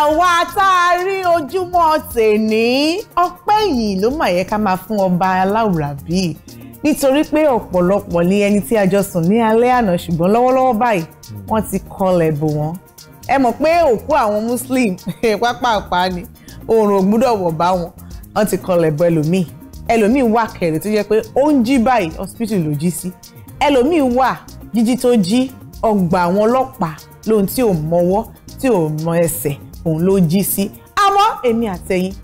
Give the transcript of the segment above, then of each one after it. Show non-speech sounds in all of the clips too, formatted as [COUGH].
àwa tá a rí ojúmọ́ tèní ọpẹ́ yìí ló mà yẹ ká máa fún ọba aláwùrà bíi nítorí pé ọ̀pọ̀lọpọ̀ ní ẹni tí a jọ sùn ní alẹ́ àná ṣùgbọ́n lọ́wọ́lọ́wọ́ báyìí wọ́n ti kọlẹ̀ bò wọ́n ẹ mọ̀ pé òkú àwọn muslim pápápá [LAUGHS] ni oòrùn ò gbúdọ̀ wọ̀ bá wọn wọ́n ti kọlẹ̀ bọ ẹlòmíì ẹlòmíì wà kẹ̀rẹ̀ tó jẹ́ pé ó ń jí báyìí hospital ló jí sí ẹlòmíì wà jíjí tó jí ọgbà àwọn ọlọ́pàá lóhun tí ò mọwọ́ tí ò mọ ẹsẹ̀ òun ló jí sí àmọ́ èmi àtẹ̀yìn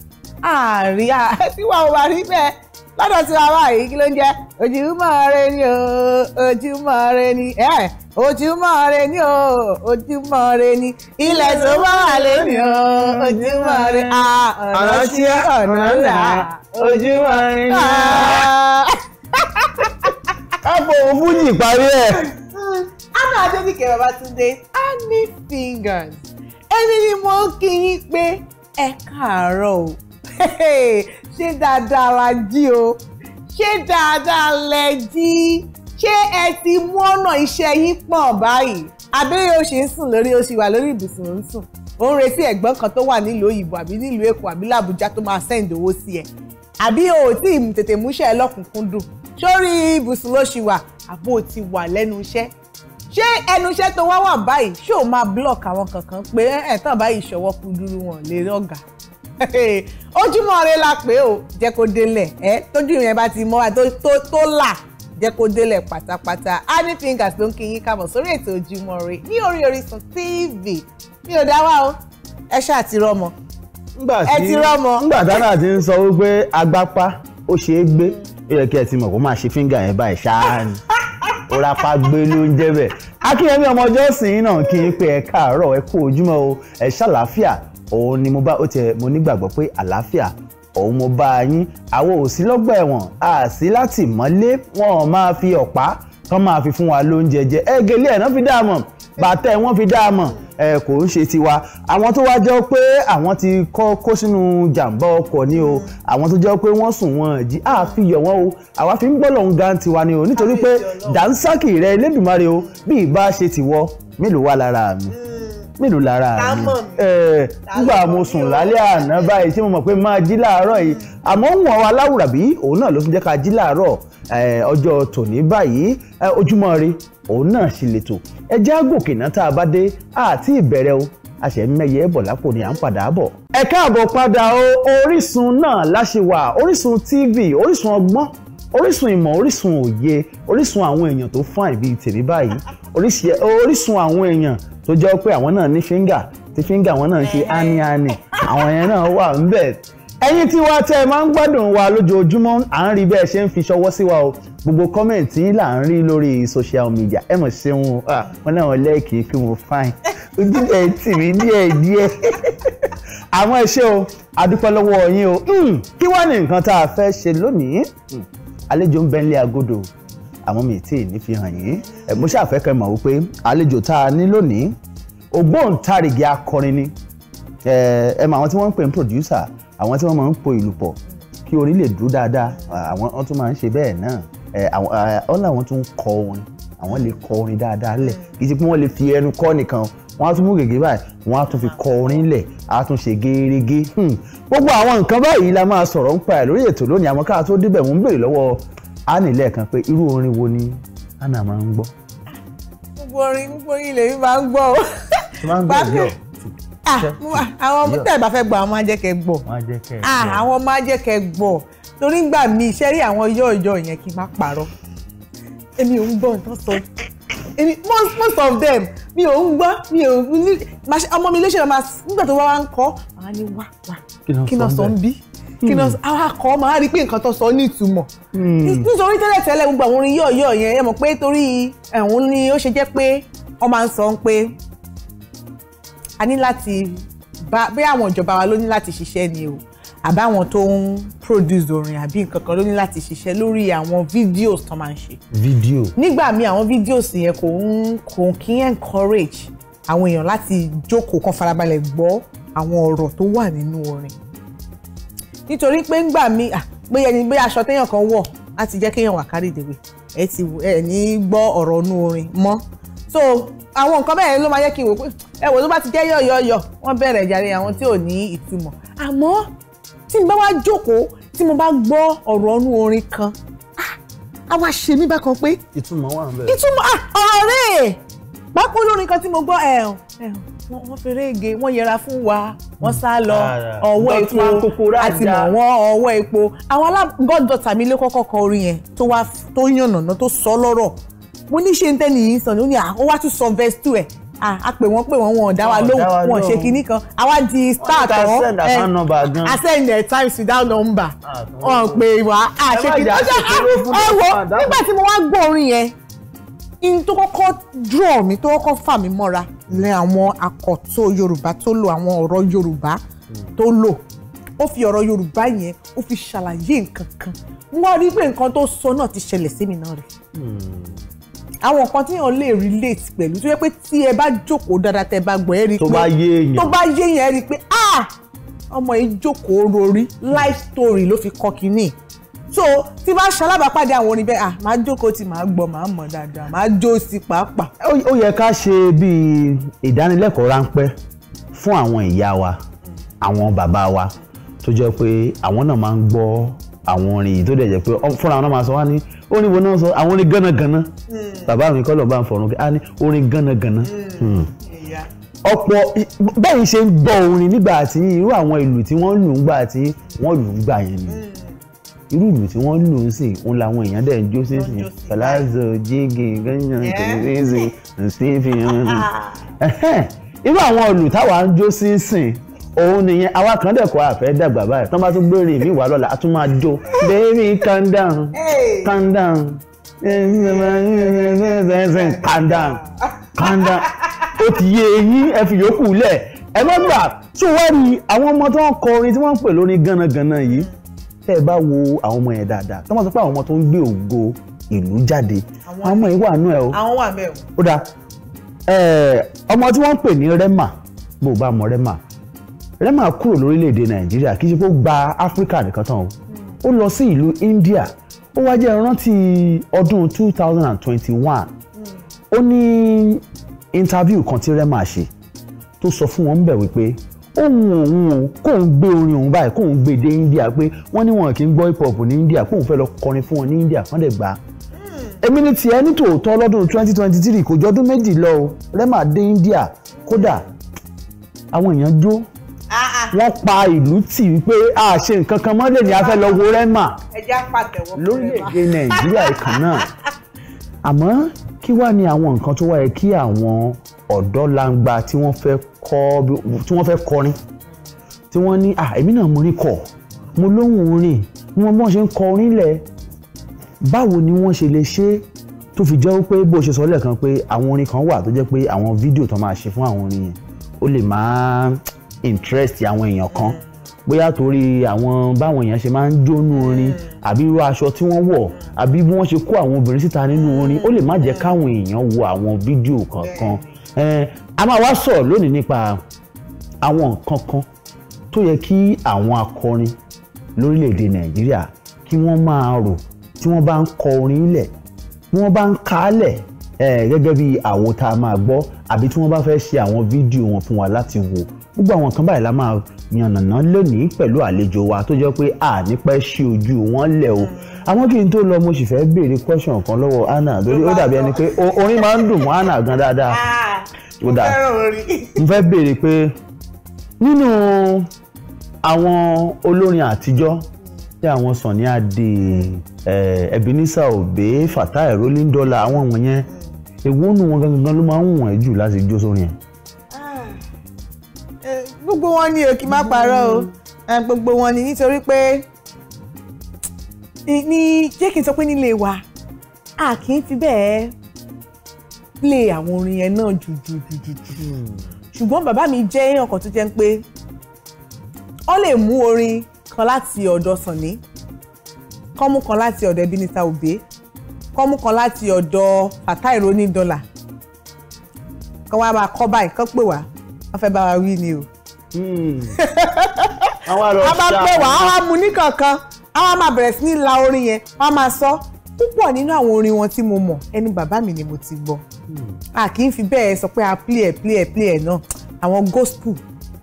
àárí àtiwá ò bá rí bẹ́ẹ̀ lọ́dọ̀ tí wàá báyìí kí ló ń jẹ́ ojúmọ́ ire ni o ojúmọ́ ire ni ẹ̀ ojúmọ́ ire ni o ojúmọ́ ire ni ilẹ̀ tó bá wà lẹ́nu o ojúmọ́ ire a ọ̀nà tí ọ̀nà là ojúmọ́ ire ni o. Ah. [LAUGHS] kápò òfújì parí ẹ̀. anna hmm. adébíkẹ́ babatunde honey fingers èmi ni mo ń kí yín pé ẹ káàárọ̀ o ṣé dáadáa la jí o ṣé dáadáa lẹ jí ṣé ẹ ti mú ọ̀nà iṣẹ́ yín pọ̀ báyìí abẹ́rẹ́ ó ṣe ń sùn lórí ó ṣì wà lórí ibùsùn ń sùn ó ń retí ẹ̀gbọ́n kan tó wà nílùú òyìnbó àbí nílùú èkó àbí làbújá tó máa sẹ́ǹd owó sí ẹ àbí o ò tí ì tètè múṣẹ́ ẹ lọ́kùnkúndùn sórí ibùsùn ló ṣì wà àbó ti wà lẹ́nu iṣẹ́ ṣé ẹnu iṣẹ́ tó wá wà báyìí ṣé o máa block àwọn kankan pé ẹ̀ tán báyìí ìṣọwọ́ kúdúrú wọn lè rọ̀gà [LAUGHS] ojúmọ́ rẹ la pé o jẹ́ kó délẹ̀ ẹ tójú yẹn bá ti mọ́ tó là jẹ́ kó délẹ̀ pátápátá honey fingers ló ń kí yín káàbọ̀ sórí ètò ojúmọ́ rẹ ní orí Orísun TV mi ò dá wá o ẹ ṣáà ti rọmọ ẹ ti rọmọ. ngbà dáná ti ń sọ wípé agbápá ó ṣeé gbé ó yẹ kí ẹ ti mọ̀ kó máa ṣe fíńgà yẹn báyìí ṣáá ni. [LAUGHS] òràpá gbé ló ń jẹ́ bẹ́ẹ̀ akínyẹmí ọmọ ọjọ́sìn náà kí n pe ẹ káàárọ̀ ẹ kú ojúmọ́ o ẹ ṣàlàáfíà òun ni mo bá ó tiẹ̀ mo nígbàgbọ́ pé àlàáfíà òun mo bá a yín àwo ò sí lọ́gbà ẹ̀wọ̀n a sí látìmọ́lé wọn máa fi ọ̀pá kán máa fi fún wa lóúnjẹ jẹ ẹ gẹlẹ́ ẹ̀ náà fi dáa mọ̀ bàtẹ wọn fi dá a mọ̀ ẹ kò ń ṣe tiwa àwọn tó wá jẹ́ pé àwọn ti kọ́ kó sínú jàǹbá ọkọ̀ ni o àwọn tó jẹ́ pé wọ́n sùn wọn jí a fi yọ̀ wọ́n o àwa fi ń gbọ́ lọ́hún gan tiwa ni o nítorí pé dànsákì rẹ Elédùmarè o bí ìbá ṣe tiwọ́ mélòó wà lára mi mélòó lára mi nígbà mo sùn lálẹ́ àná báyìí tí mo mọ̀ pé máa jí láàárọ̀ yìí àmọ́ ń wọ̀n wa láwùrà bí òun náà ló tún jẹ́ ká jí láàárọ̀ ọjọ́ tòní báyìí ojúmọ́ ire òun náà sì lè tò ẹ já gòkè náà tá a bá dé àti ìbẹ̀rẹ̀ o àṣẹ mẹ́yẹ bọ̀ lápò ni à ń padà bọ̀. ẹ káàbọ̀ padà o orísun náà láṣẹ wà orísun tv orísun ọgbọ́n orísun ìmọ̀ orísun òye orísun àwọn èèyàn tó fáìn bíi tèmi báyìí orísun àwọn èèyàn tó jẹ́ pé àwọn náà ní fíńgà tí fíńgà wọn náà ń ṣe ániáni àwọn yẹn náà wà ń bẹ̀ ẹ̀yin tí wàá tẹ́ ẹ máa ń gbádùn wa lójoojúmọ́ à ń rí bẹ́ẹ̀ ṣe ń fi ṣọwọ́ sí wa o gbogbo kọ́mẹ̀ntì yín là ń rí lórí social media ẹ mọ̀ ṣeun wọn náà wọn lẹ́ẹ̀kì kí wọn fáìn ojú ẹ̀ tì mí díẹ̀ díẹ̀ àmọ́ ẹ ṣé o adúpẹ́ lọ́wọ́ yín o hmm, kí wàá ní nǹkan tá a fẹ́ ṣe lónìí hmm, àlejò ń bẹ nílé agodo àwọn mi tí ì ní fi hàn yín mo ṣàfẹ́ kẹ́ mọ̀ wípé àlejò tá a ní lónìí ògbóǹtarìgì akọrin ni ẹ ẹ mọ àwọn tí wọ́n ń pè ní producer àwọn tí wọ́n máa ń po ìlù pọ̀ kí orin lè dúró dáadáa àwọn wọ́n tún máa ń ṣe bẹ́ẹ̀ náà ọ́n làwọn tún ń kọ orin àwọn lè kọ orin dáadáa lẹ̀ kì í ṣe pé wọ́n lè fi ẹnu kọ nìkan wọ́n á tún mú gègé báyìí wọ́n á tún fi kọ orin lẹ̀ á tún ṣe gérégé hmm. gbogbo àwọn nǹkan báyìí la máa sọ̀rọ̀ ń pa ẹ̀ lórí ètò lónìí àmọ́ káà tó débẹ̀ mò ń béèrè lọ́wọ́ Annie lẹ́ẹ̀kan pé irú orin wo ni Anna máa ń gbọ́. gbogbo orin gbogbo lèmi máa ń gbọ́ o. Ah, àwọn ọmọ tẹ́ ẹ bá fẹ́ gbọ́ àwọn máa jẹ́ kẹ́ gbọ́ àwọn máa jẹ́ kẹ́ ah, gbọ́ torí ngbà mi iṣẹ́ rí àwọn yọ̀ọ̀yọ̀ yẹn kí n má parọ́ èmi ò ń gbọ́ nǹkan sọ èmi most most of them mi ò ń gbọ́ mi ò ní ọmọ mi léṣe máa nígbà tó wá wá ń kọ́ màá ní wá wá kí n sọ ń bí kí n hmm. sọ àwọn akọ màá rí pé nǹkan tó sọ ní ìtumọ̀ hmm. nítorí tẹ́lẹ̀ tẹ́lẹ̀ gbogbo àwọn orin yọ̀ọ̀yọ̀ yẹn ẹ mọ̀ pé torí ẹ̀hún ni ó ṣe jẹ́ pé wọ́n máa ń sọ pé a ní láti bá bí àwọn ìjọba wa ló ní láti ṣiṣẹ́ ni o àbáwọn tó ń produce orin àbí nǹkan kan ló ní láti ṣiṣẹ́ lórí àwọn videos tó máa ń ṣe. video. nígbà míì àwọn videos yẹn kò ń kò kí ń encourage àwọn èèyàn láti jókòó kan farabalẹ̀ gbọ́ àwọn ọ̀rọ̀ tó wà nínú orin. nítorí pé ńgbà míì bóyá ẹni bóyá aṣọ téèyàn kan wọ̀ láti jẹ́ kéèyàn wà kárí ẹ ti ẹ ní gbọ́ ọ̀rọ̀ inú orin mọ́ so àwọn nǹkan bẹ́ẹ̀ ló máa yẹ kí n wò pé ẹ wò ló bá ti jẹ́ yọ̀yọ̀yọ̀ wọ́n bẹ̀rẹ̀ jàre àwọn tí ò ní ìtumọ̀ àmọ́ tí n bá wá jókòó tí mo bá gbọ́ ọ̀rọ̀ ọ̀nù orin kan ah, á wá ṣe mí bákan pé ìtumọ̀ wà níbẹ̀ ìtumọ̀ ah, ọ̀rọ̀ rẹ̀ pápó lórin kan tí mo gbọ́ ẹ̀hún ẹ̀hún wọ́n fi rége wọ́n yẹra fún wa wọ́n sá lọ ọwọ́ epo àti mọ̀ wọ́n ọwọ́ epo àwọn alágọ́dọ̀tà mi lé kọ́kọ́ kọ orin yẹn tó yànnàná tó sọ lọ́rọ̀ mo ní ṣe ń tẹ́ni yìí ń sọ ní ó ní àwọn wá tún sọ verse two ẹ̀ a pè wọ́n pè wọ́n wọn ò dá wa lóhùn wọn ò ṣe kinní kan àwa di star tán a send their times without number ah, wọn pè wá a ṣe kinní kan ẹ wo nígbà tí mo wá gbọ́ orin yẹn in tó kọ́kọ́ draw mi tó kọ́kọ́ fà mí mọ́ra lẹ àwọn àkọ́tọ̀ yorùbá tó lo àwọn ọ̀rọ̀ yorùbá hmm. tó lò ó fi ọ̀rọ̀ yorùbá yẹn ó fi ṣàlàyé nǹkan kan wọ́n rí pé nǹkan tó sọ náà ti ṣẹlẹ̀ sí mi náà rẹ̀ àwọn nǹkan tí èèyàn lè relate pẹ̀lú tó yẹ pé tí ẹ bá jókòó dáadáa tẹ bá gbọ́ ẹ rí i pé tó bá yé èèyàn ẹ rí i pé ah ọmọ yìí jókòó rorí life story ló fi kọ́ kínní so tí bá ṣalábàápàdé àwọn orin bẹ́ẹ̀ ah máa jókòó tí máa gbọ́ máa mọ̀ dáadáa máa jó sí pàápàá. ó yẹ ká ṣe bíi ìdánilẹ́kọ̀ọ́ ráńpẹ́ fún àwọn ìyá wa àwọn bàbá wa tó jẹ́ pé àwọn náà máa ń gbọ́ àwọn orin yìí tó dẹ̀ jẹ́ pé fúnra wọn máa sọ wá ní orin wo náà sọ àwọn orin gánagànà hmm. bàbá mi kọ́lọ̀ bá ń fọ̀rùn kí á ní orin gánagànà. Hmm. Hmm. ọ̀pọ̀ báyìí ṣe ń gbọ́ orin nígbà tí irú àwọn ìlù tí wọ́n lù ńgbà tí wọ́n lù ńgbà yẹn ni irú ìlù tí wọ́n lù ń sìn ń làwọn èèyàn dẹ̀ ń jó sí sìn palazzo jígì gángan tẹlifíṣìn stephen irú àwọn ìlù táwa ń jó sí sìn òun nìyẹn àwa kan dẹ̀ kọ́ àfẹ́ dàgbà báyìí tán bá tún gbé rìn mí wà lọ́la a tún máa jó baby calm down calm down calm down calm down ó ti yé eyín ẹ fi yòókù lẹ̀ ẹ má gbà tó wá rí àwọn ọmọ tó ń kọ orin tí wọ́n ń pè lórin gánagànà yìí tẹ́ ẹ bá wo àwọn ọmọ yẹn dáadáa tó wọ́n sọ pé àwọn ọmọ tó ń gbé ògo ìlú jáde àwọn ọmọ yìí wà nú ẹ o àwọn wà mẹ́ o. ó dáa ọmọ tí wọ́n ń pè ní rema bó o bá mọ rema Rema kúrò lórílẹ̀‐èdè Nàìjíríà kì í ṣe kó gba Áfíríkà nìkan tán o ó lọ sí ìlú India ó wá jẹ́ rántí ọdún two ó ní interview kan tí Rema ṣe tó sọ fún wọn ń bẹ̀ wípé òun òun kóun gbé orin òun báyìí kóun gbé dé India pé wọ́n ní wọn kì í gbọ́ hip hop ní India kóun fẹ́ lọ kọrin fún wọn ní India kán dẹ̀ gbà á èmi ní tiẹ̀ ní tòótọ́ lọ́dún twenty twenty three kò jọ ọdún méjì lọ o Rema dé India kódà àwọn èèyàn jó wọ́n pa ìlú tì wípé a ṣe nǹkan kan mọ́lẹ̀ ní a fẹ́ lọ wo rẹ́mà lórílẹ̀‐èdè nàìjíríà ìkan náà àmọ́ kí wá ni àwọn nǹkan tó wáyé kí àwọn ọ̀dọ́ langba tí wọ́n fẹ́ kọrin tí wọ́n ní èmi náà mo rí kọ mo lóhùn orin ni wọ́n ṣe ń kọ lẹ̀ báwo ni wọ́n ṣe lè ṣe tó fi jẹ́ pé bó ṣe sọ lẹ́ẹ̀kan pé àwọn orin kan wà tó jẹ́ pé àwọn fídíò tó máa ṣe fún àwọn orin yẹn ó lè máa interest àwọn èèyàn kan bóyá torí àwọn báwọn èèyàn ṣe máa ń jónú orin àbí irú aṣọ tí wọ́n wọ̀ àbí bí wọ́n ṣe kó àwọn obìnrin síta nínú orin ó lè má jẹ́ káwọn èèyàn wo àwọn fídíò kankan a máa wá sọ̀rọ̀ lónìí nípa àwọn nǹkan kan tó yẹ kí àwọn akọrin lórílẹ̀‐èdè nàìjíríà kí wọ́n máa rò tí wọ́n bá ń kọ orin lẹ̀ tí wọ́n bá ń ka á lẹ̀ gẹ́gẹ́ bí àwo tá a máa gbọ́ àbí tí wọ́n bá fẹ́ ṣe àwọn fídíò wọn fún wa láti wò gbogbo àwọn kan báyìí la máa yànnàná lónìí pẹ̀lú àlejò wa tó jẹ́ pé a nípa ṣí ojú wọn lẹ̀ o àwọn kí n tó lọ mo sì fẹ́ béèrè question kan lọ́wọ́ Anna lórí ó dàbí ẹni pé orin máa ń dùn mọ́ Anna gan dáadáa ah, ó dà mo fẹ́ béèrè pé nínú àwọn olórin àtijọ́ tí àwọn Sunny Adé hmm. eh, Ebenezer Obey Fatai Rolling Dollar àwọn wọ̀nyẹn èwo nù wọn gangan ló máa ń wọ̀n jù láti jó sórin ẹ̀ gbogbo wọn ni o kì í má parọ́ o gbogbo wọn ni nítorí pé ní jẹ́ kí n sọ pé nílé wa a kì í fi bẹ́ẹ̀ lé àwọn orin yẹn náà jù jù jù jù jù ṣùgbọ́n bàbá mi jẹ́ èèyàn kan tó jẹ́ pé ó lè mú orin kan láti ọ̀dọ̀ Sànní kọ́ mú kan láti ọ̀dọ̀ Ebenezer Obey kọ́ mú kan láti ọ̀dọ̀ Fatai Rolling Dollar kọ́ wá máa kọ́ báyìí kọ́ pè wá wọ́n fẹ́ bá wa wí ni o. Hmm. a máa pè wá a máa mú ní kankan a máa máa bẹ̀rẹ̀ sí ní la orin yẹn wọ́n máa sọ púpọ̀ nínú àwọn orin wọn tí mo mọ̀ ẹnu bàbá mi ni mo ti gbọ́ hmm. a kì í fi bẹ́ẹ̀ sọ pé a play ẹ̀ play ẹ̀ play ẹ̀ náà àwọn gospel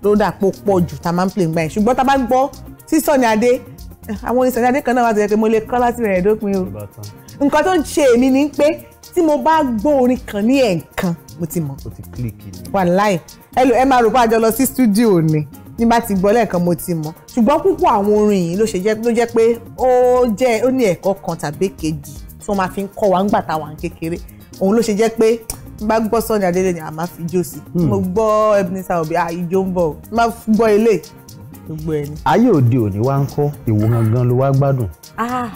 ló dà pọ̀ pọ̀ jù tá a máa ń play ń gbà yẹn ṣùgbọ́n tá a bá gbọ́ sí Sunny Adé àwọn oníṣẹ́ adé kan náà wà tó yẹ pé mo lè kọ́ láti rẹ̀ dópin o nǹkan tó ń ṣe èmi ni pé tí mo bá gbọ́ orin kan ní ẹ̀ẹ̀kan mo ti mọ̀ wàláì ẹlò ẹ máa rò pé àjọ lọ sí stúdíò ni ní bá ti gbọ́ lẹ́ẹ̀kan mo ti mọ̀ ṣùgbọ́n púpọ̀ àwọn orin yìí ló ṣe jẹ́ ló jẹ́ pé ó jẹ́ ó ní ẹ̀kọ́ kan tàbí kejì tí wọ́n máa fi ń kọ́ wa ńgbà táwa ń kékeré òun ló ṣe jẹ́ pé bá gbọ́ Sunny Adé ni àmà fi jó sí hmm. mo gbọ́ Ebenezer Obey ìjó ń bọ̀ má gbọ́ ilé gbogbo ẹni. ayé òde òní wá ń kọ́ ìwò gangan ló wá gbádùn. Ah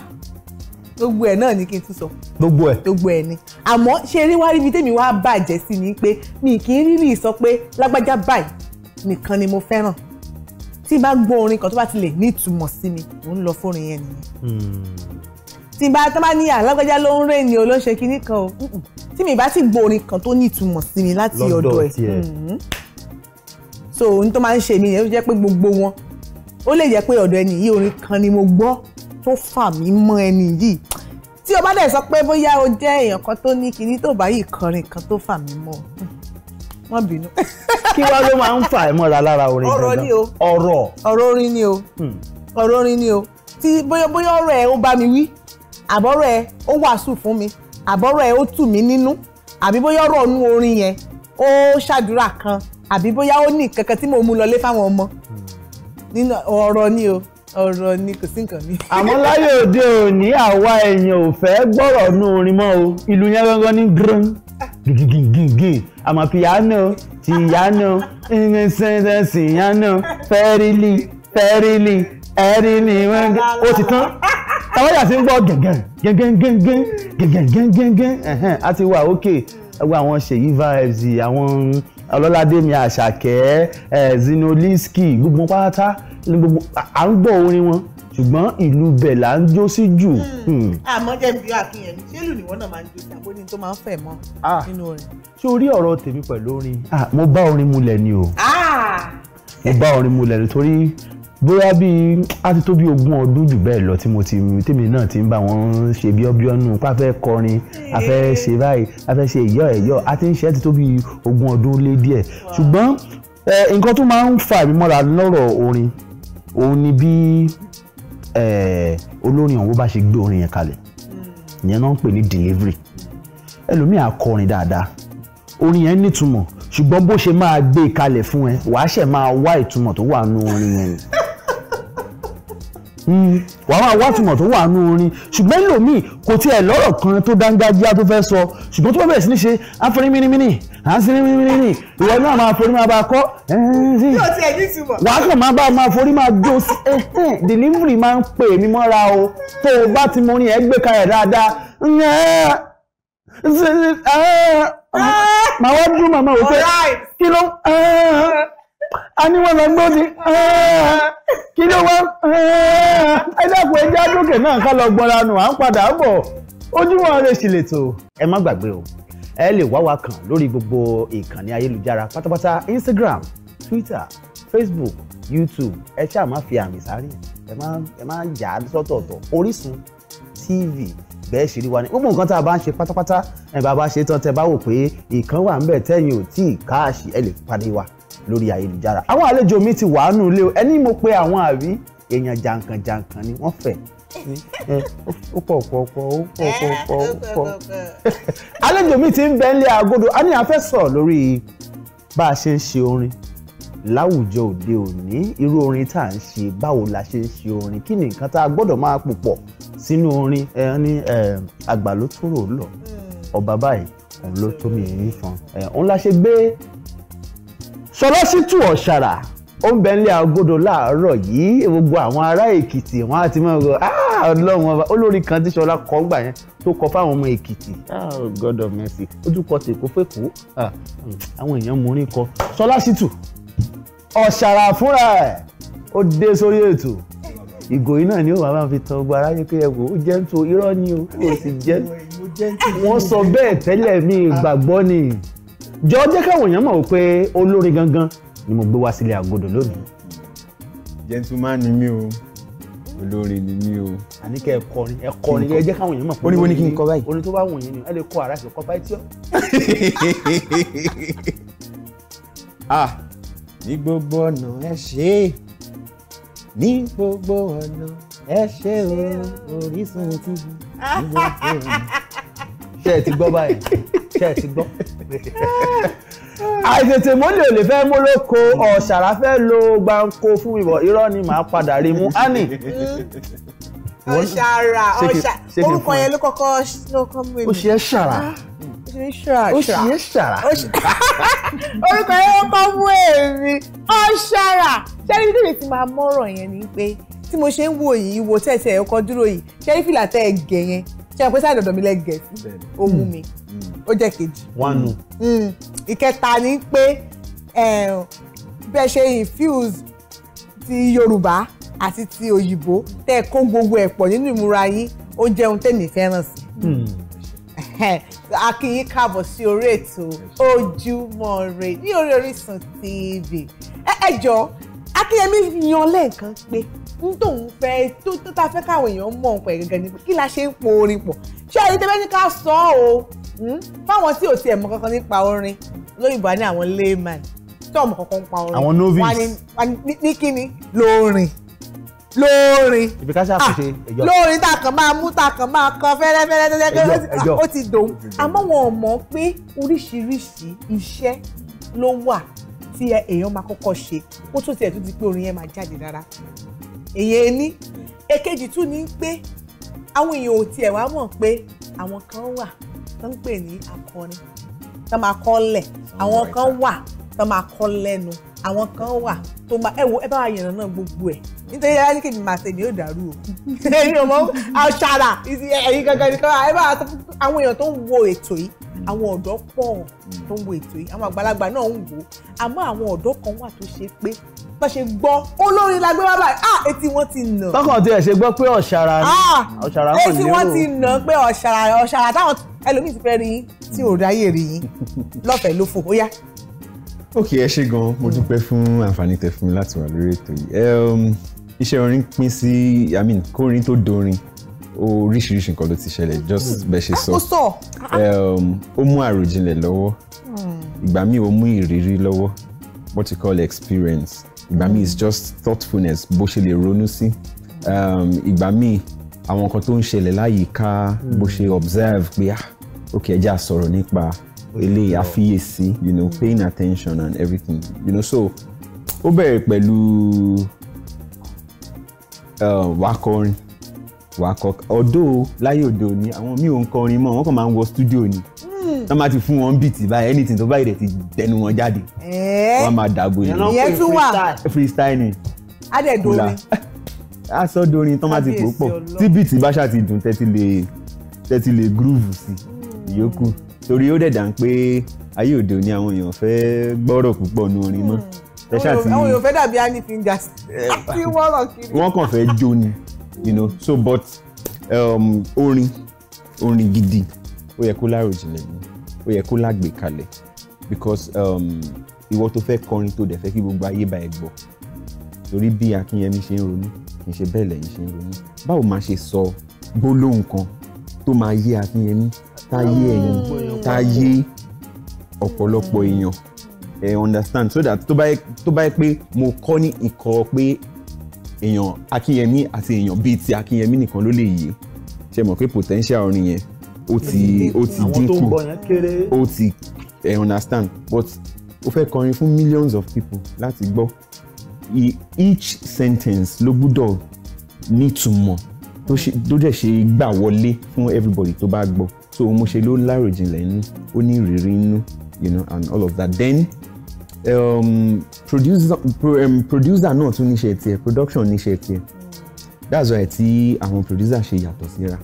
gbogbo ẹ̀ náà ni kí n tún sọ. gbogbo ẹ̀. gbogbo ẹ̀ ni àmọ́ ṣe eré wá rí ibi tèmi wá bàjẹ́ sí ni pé mi kì í rírì sọ pé lágbájá báyìí nìkan ni mo fẹ́ràn tí n bá gbọ́ orin kan tó bá ti lè ní ìtumọ̀ sí mi mò ń lọ fórin yẹn nìyẹn. tí n bá tó bá ní àlágbájá ló ń rè ní o ló ń ṣe kinní kan o tí mi bá ti gbọ́ orin kan tó ní ìtumọ̀ sí mi láti ọ̀dọ̀ ẹ̀ mm-hmm. so ohun tó máa ń ṣe mi yẹn ó jẹ́ pé gbogbo wọn ó lè jẹ́ pé ọ̀dọ̀ ẹni tó fà mí mọ́ ẹni yìí tí o bá dẹ̀ sọ pé bóyá o jẹ́ èèyàn kan tó ní kinní tó bá yìí kọrin kan tó fà mí mọ́ hmm, má bínú. [LAUGHS] kí wá ló máa ń fà ẹ́ mọ́ra lára orin gangan ọ̀rọ̀ ni o ọ̀rọ̀ ọ̀rọ̀ orin ni o hmm. ọ̀rọ̀ orin ni o tí bóyá bóyá ọ̀rọ̀ ẹ̀ ó bá mi wí àbọ̀rọ̀ ẹ̀ ó wàásù fún mi àbọ̀rọ̀ ẹ̀ ó tù mí nínú àbí bóyá ọ̀rọ̀ inú orin yẹn ó ṣàdúrà kan àbí bóyá ó ní kankan tí mo mú lọlé fáwọn ọmọ hmm. nínú ọ̀rọ̀ ni o ọ̀rọ̀ ni kò sí nǹkan mi. àmọ́ láyé òde òní àwa èèyàn ò fẹ́ gbọ́rọ̀ nù orin mọ́ o ìlú yẹn gangan ní gírán gìgìgìgì àmọ́ piano tìyano ìrìnsẹ̀nsẹ̀nsì yano fẹ́rìlì fẹ́rìlì ẹ̀rìlì wọ́n ó ti tán táwọn yà sí ń gbọ́ gẹ̀gẹ̀ gẹ̀gẹ̀ gẹ̀gẹ̀ gẹ̀gẹ̀ gẹ̀gẹ̀ a ti wà ókè ẹgbẹ́ àwọn ṣèyí vibes àwọn ọlọ́ládé mi àṣàkẹ́ zinoliski gbogbo pátá ní gbogbo à ń gbọ́ orin wọn ṣùgbọ́n ìlú bẹ̀ là ń jó sí jù. Hmm. Hmm. àmọ́ jẹ́ bí akínyẹ̀mí ṣé lù níwọ̀n náà máa ń jó sí àbóni tó máa ń fẹ̀ mọ́ nínú orin. ṣé o rí ọ̀rọ̀ tèmi pẹ̀lú orin mo bá orin mulẹ̀ ni o mo bá orin mulẹ̀ ni torí bóyá bíi á ti tó bí ogún ọdún jù bẹ́ẹ̀ lọ tí mo ti tèmi náà ti ń bá wọn ṣe bí ọbíọ́nù pa fẹ́ kọrin a fẹ́ ṣe báyìí a fẹ́ ṣe ìyọ́ ẹ̀yọ́ a ti ń ṣe ti tó bí ogún ọdún lé díẹ̀ ṣùgbọ́n nǹkan tó máa ń fà mí lọ́rọ̀ orin òun ni bí eh, olórin ọ̀hún bá ṣe gbé orin yẹn kalẹ̀ ìyẹn náà ń pè ní delivery ẹlòmíì akọrin dáadáa orin yẹn nítumọ̀ ṣùgbọ́n bó ṣe máa gbé kalẹ̀ fún ẹ wàá ṣẹ̀ máa wá ìtumọ̀ tó wà nínú orin yẹn ni wàá máa wá tìmọ̀ tó wà nù orin ṣùgbọ́n lòmíì kò tiẹ̀ lọ́rọ̀ kan tó dángájíá tó fẹ́ sọ ṣùgbọ́n tó bá bẹ̀rẹ̀ sí ní ṣe àforí mímímí àǹsírí mímímí ìwọ náà máa forí máa bá a kọ́ wàá kàn máa bá a máa forí máa jó sí delivery máa ń pè mí mọ́ra o tó o bá ti mọ orin ẹ̀ gbé kalẹ̀ dáadáa màá wá dúró màmá wò pé kí ló ń a ní wọn lọ gbó ni kí ló wá ẹ dákun ẹjẹ àdókè náà ká lọ gbọ́ra nù à ń padà bọ̀ ojúmọ́ rẹ̀ sì lè tò ẹ má gbàgbé o ẹ lè wá wa kàn lórí gbogbo ìkànnì ayélujára pátápátá Instagram Twitter Facebook YouTube ẹ ṣáà má fi àmì sáré ẹ má ẹ má yà á sọ́tọ̀ọ̀tọ̀ Orísun TV bẹ́ẹ̀ ṣe rí wa ni gbogbo nǹkan tá a bá ń ṣe pátápátá ẹ bá a bá ṣe tán tẹ bá wò pé ìkan wà ń bẹ̀ tẹ́yìn ò tí ì káàṣì ẹ lè pàdé wa lórí ayélujára àwọn àlejò mi ti wàánu ilé o ẹni mo pe àwọn àbí èèyàn jàǹkànjàǹkàn ni wọ́n fẹ̀ [LAUGHS] eh, ó pọ̀ pọ̀ pọ̀ ó pọ̀ pọ̀ pọ̀ pọ̀ àlejò mi ti ń bẹ nílé agodo a ní a fẹ́ sọ̀rọ̀ lórí bá a ṣe ń ṣe orin láwùjọ òde òní irú orin tá à ń ṣe báwo la ṣe ń ṣe orin kí ni nǹkan tá a gbọ́dọ̀ máa pò pọ̀ sínú orin ẹni àgbà ló tó rò lọ hmm. ọba báyìí òun ló tó mi ìyìn fan òun la ṣe gbé Sọlásìtù Ọ̀ṣàrà ó ń bẹ nílé agodo láàárọ̀ yìí gbogbo àwọn ará Èkìtì wọn á ti máa gbọ́ ah, Ọlọ́run ọba olórí kan tí Ṣọlá kọ gbà yẹn tó kọ fáwọn ọmọ Èkìtì ah, oh God of mercy ó tún kọ tèkó fèkó ah, àwọn èèyàn mú orin kọ Sọlásìtù Ọ̀ṣàrà fúnra ẹ̀ ó dé sórí ètò ìgò yìí náà ni ó máa fi tan gbogbo aráyé pé ẹ wò ó jẹ́ ń to irọ́ ni o kò sì jẹ́ wọ́n sọ bẹ́ẹ̀ tẹ́lẹ̀ mi ìgbàgbọ́ ni jọ jẹ́ káwọn èèyàn mọ̀ pé olórin gangan ni mo gbé wá sílé àgọ́dọ̀ lónìí. gentleman ni mí o olórin ni mí o. àní kẹ ẹ kọrin ẹ kọrin ẹ jẹ́ káwọn èèyàn mọ̀ pé orin ni kí n kọ báyìí. orin tó bá wùn ni ẹ lè kọ ara ẹ kọ báyìí tí ó. [LAUGHS] ah ní gbogbo ọ̀nà ẹ ṣe é ní gbogbo ọ̀nà ẹ ṣe o Orísun TV ní [LAUGHS] gbogbo ọ̀nà. ṣé ẹ ti gbọ́ báyìí. [LAUGHS] ṣe é ti gbọ́. àìtètè mólè ò lè fẹ́ mólóko ọ̀ṣàrà fẹ́ lo gbáǹkó fún mi bọ̀ irọ́ ni màá padà rí mú ani. Mm. ọ̀ṣàrà ọ̀ṣà orúkọ yẹn ló kọ́kọ́ ló kọ́ mi. ó ṣe é ṣàrà ó ṣe é ṣàrà. [LAUGHS] orúkọ yẹn ló kọ́ mú èmi ọ̀ṣàrà ṣẹ́ni bí tèmi ti máa mọ́rọ̀ yẹn ni pé tí mo ṣe ń wo yìí wo tẹ̀sẹ̀ ọkọ̀ dúró yìí ṣẹ́ni fìlà tẹ́ ẹ gẹ̀ yẹn ṣe é pé sáà dọ̀dọ̀ mi ó jẹ́ kejì. one nù. Mm. Mm. ìkẹta ni pé eh, bẹ́ẹ̀ ṣe infuse ti yorùbá àti ti òyìnbó tẹ́ ẹ kó gbogbo ẹ̀ pọ̀ nínú ìmúra yín ó jẹun tèmi fẹ́ràn sí. Hmm. a kí yín káàbọ̀ sí orí ètò ojúmọ́ ire ní orí Orísun TV ẹ jọ̀ọ́ akínyẹmí yan lẹ́ẹ̀kan pé n tóun fẹ́ tó tó ta fẹ́ káwọn èèyàn mọ̀ ọ́n pẹ̀ gẹ́gẹ́ ni kí la ṣe ń po orin pọ̀ ṣé ẹni tẹ́fẹ́ ní ká sọ ọ́ o Hmm? fáwọn tí ò tiẹ̀ mọ kankan nípa orin lóyìnbó ní àwọn layman tí ọmọ kankan pa orin àwọn novice wà ní kíni lórin lórin ibi ká ṣàkóso ah, ẹjọ lórin tá a kàn máa mú tá a kàn máa kan fẹ́rẹ́fẹ́rẹ́ tẹ́lẹ́kẹ́ ó ti dòun àmọ́ wọn ò mọ̀ pé oríṣiríṣi iṣẹ́ ló wà tí èèyàn máa kọ́kọ́ ṣe kó tó tiẹ̀ tó di pé orin yẹn máa jáde dára èèyàn ní èkejì tún ní pé àwọn èèyàn ò tiẹ̀ wá mọ̀ pé àwọn kan wà tó ń pè ní akọrin tó máa kọ́ lẹ̀ àwọn kan wà tó máa kọ́ lẹ́nu àwọn kan wà tó máa ẹ wo ẹ bá yànnà náà gbogbo ẹ nítorí ẹ ní kébì màá tèmi ò dàrú o [LAUGHS] ẹ̀yin ọmọ àṣàrà ẹ̀yin gangan nìkan ẹ bá àwọn èèyàn tó ń wo ètò yìí àwọn ọ̀dọ́ pọ̀ tó ń wo ètò yìí àwọn àgbàlagbà náà ń wò ó àmọ́ àwọn ọ̀dọ́ kan wà tó ṣe pé bá ṣe gbọ́ olórin la gbé wá báyìí ah etí wọn ti nà. tọkàn tí ẹ ṣe gbọ́ pé ọ̀ṣàrà ni ọ̀ṣàrà kò ní o. etí wọn ti nà pé ọ̀ṣàrà ọ̀ṣàrà táwọn ẹlòmíì ti fẹ́ rí yín tí ò ráyè rí yín [LAUGHS] lọ́fẹ̀ẹ́ ló fò ó yá ok ẹ ṣé gan mo dúpẹ́ fún àǹfààní tẹ́ fún mi láti wà lórí ètò yìí iṣẹ́ orin pín sí i mean kórin tó dorin oríṣiríṣi nǹkan ló ti ṣẹlẹ̀ just hmm. bẹ́ẹ̀ ṣe sọ ó mú àròjinlẹ̀ lọ́wọ́ hmm. ìgbà míì ó mú ìrírí lọ́wọ́ what you call experience ìgbà míì is just thoughtfulness bó ṣe lè ronú sí ìgbà míì àwọn nǹkan tó ń ṣẹlẹ̀ láyìíká bó hmm. ṣe observe pé ah ok ẹ já sọ̀rọ̀ nípa eléyìí àfiyèsí you know paying attention and everything you know so ó bẹ̀rẹ̀ pẹ̀lú uh, wàá kọrin wàá kọ ọ̀dọ́ láyé òde òní àwọn míì ò ń kọrin mọ́ wọ́n kàn máa ń wọ studio ni hmm. wọ́n máa ti fún wọn bíìtì báyìí anything tó báyìí rẹ̀ ti dẹnu wọn jáde eh? wọ́n máa dàgbò yẹn ìyẹn tún wà freestyling adẹ̀dọ́rin asọ́dọ́rin [LAUGHS] tán bá ti pò pọ̀ tí bíìtì bá ṣáà ti dùn tẹ́tí lè groove sí hmm. ìyókù. Mm torí ó dẹ̀ dà ń pé ayé òde òní àwọn èèyàn fẹ́ gbọ́rọ̀ púpọ̀ nu orin mọ́ tẹ́ṣà hmm. tí àwọn èèyàn fẹ́ dàbí honey fingers tí [LAUGHS] wọ́n rọ̀ kiri. wọ́n kàn fẹ́ jó ni you know so but um, orin orin gidi ó yẹ kó láròjinlẹ̀ ni ó yẹ kó lágbèkalẹ̀ because um, ìwọ tó fẹ́ kọrin tó dẹ̀ fẹ́ kí gbogbo ayé bá ẹ gbọ́ torí bí akínyẹmí ṣe ń ronú kì í ṣe bẹ́ẹ̀ lẹ́yìn ṣe ń ronú báwo máa ṣe sọ gbólóhùn kan tó máa yé akínyẹmí táyé ẹ̀yìn oh, táyé ọ̀pọ̀lọpọ̀ èèyàn ẹ understand so that tó bá yẹ pé mo kọ́ ní ìkọ́ pé èèyàn akínyẹmí àti èèyàn bíi ti akínyẹmí nìkan ló lè yé ṣe mọ̀ pé potential orin yẹn ó ti ó ti dínkù ó ti ẹ understand but ó fẹ́ kọrin fún millions of people láti gbọ́ each sentence ló gbúdọ̀ nítumọ̀ tó dẹ̀ ṣe gbà wọlé fún everybody tó bá gbọ́ so mo ṣe ló láròjinlẹ̀ inú ó ní ìrírí inú you know and all of that then um, producer pro, um, producer náà tún níṣẹ́ tiẹ̀ production níṣẹ́ tiẹ̀ that's why tí àwọn producer ṣe yàtọ̀ síra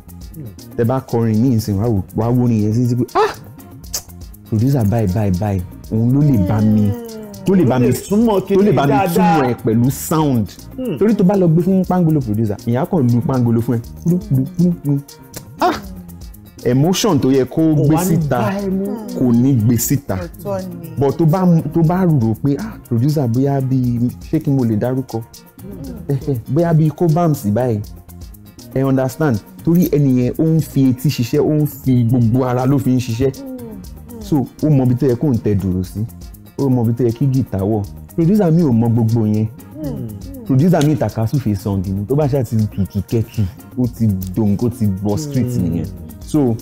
tẹ bá kọrin ní ìsìn wàá wo ni yẹn sí pé ah producer báyìí báyìí báyìí òun ló lè bá mi tó lè bá mi tó lè bá mi túmọ̀ ẹ̀ pẹ̀lú sound hmm. torí tó bá lọ gbé fún pangolo producer ìyá kan lu pangolo fún ẹ ah emotion tó yẹ kó gbé síta kò ní gbé síta but tó bá tó bá rò pé ah producer bóyá bíi ṣé kí mo lè dárúkọ bóyá bíi kó báǹsì báyìí I understand torí ẹnìyẹn ó ń fi etí ṣiṣẹ́ ó ń fi gbogbo ara ló fi ń ṣiṣẹ́ so ó mọ ibi tó yẹ kó ń tẹ dùrù sí ó mọ ibi tó yẹ kí gìtá wọ̀ producer mi ò mọ gbogbo yẹn producer mi ìtàkàsùfè sọ̀ǹgì ni tó bá ṣáà ti tutù kẹ́tù ó ti dòǹkó ti bọ̀ street nìyẹn. Mm so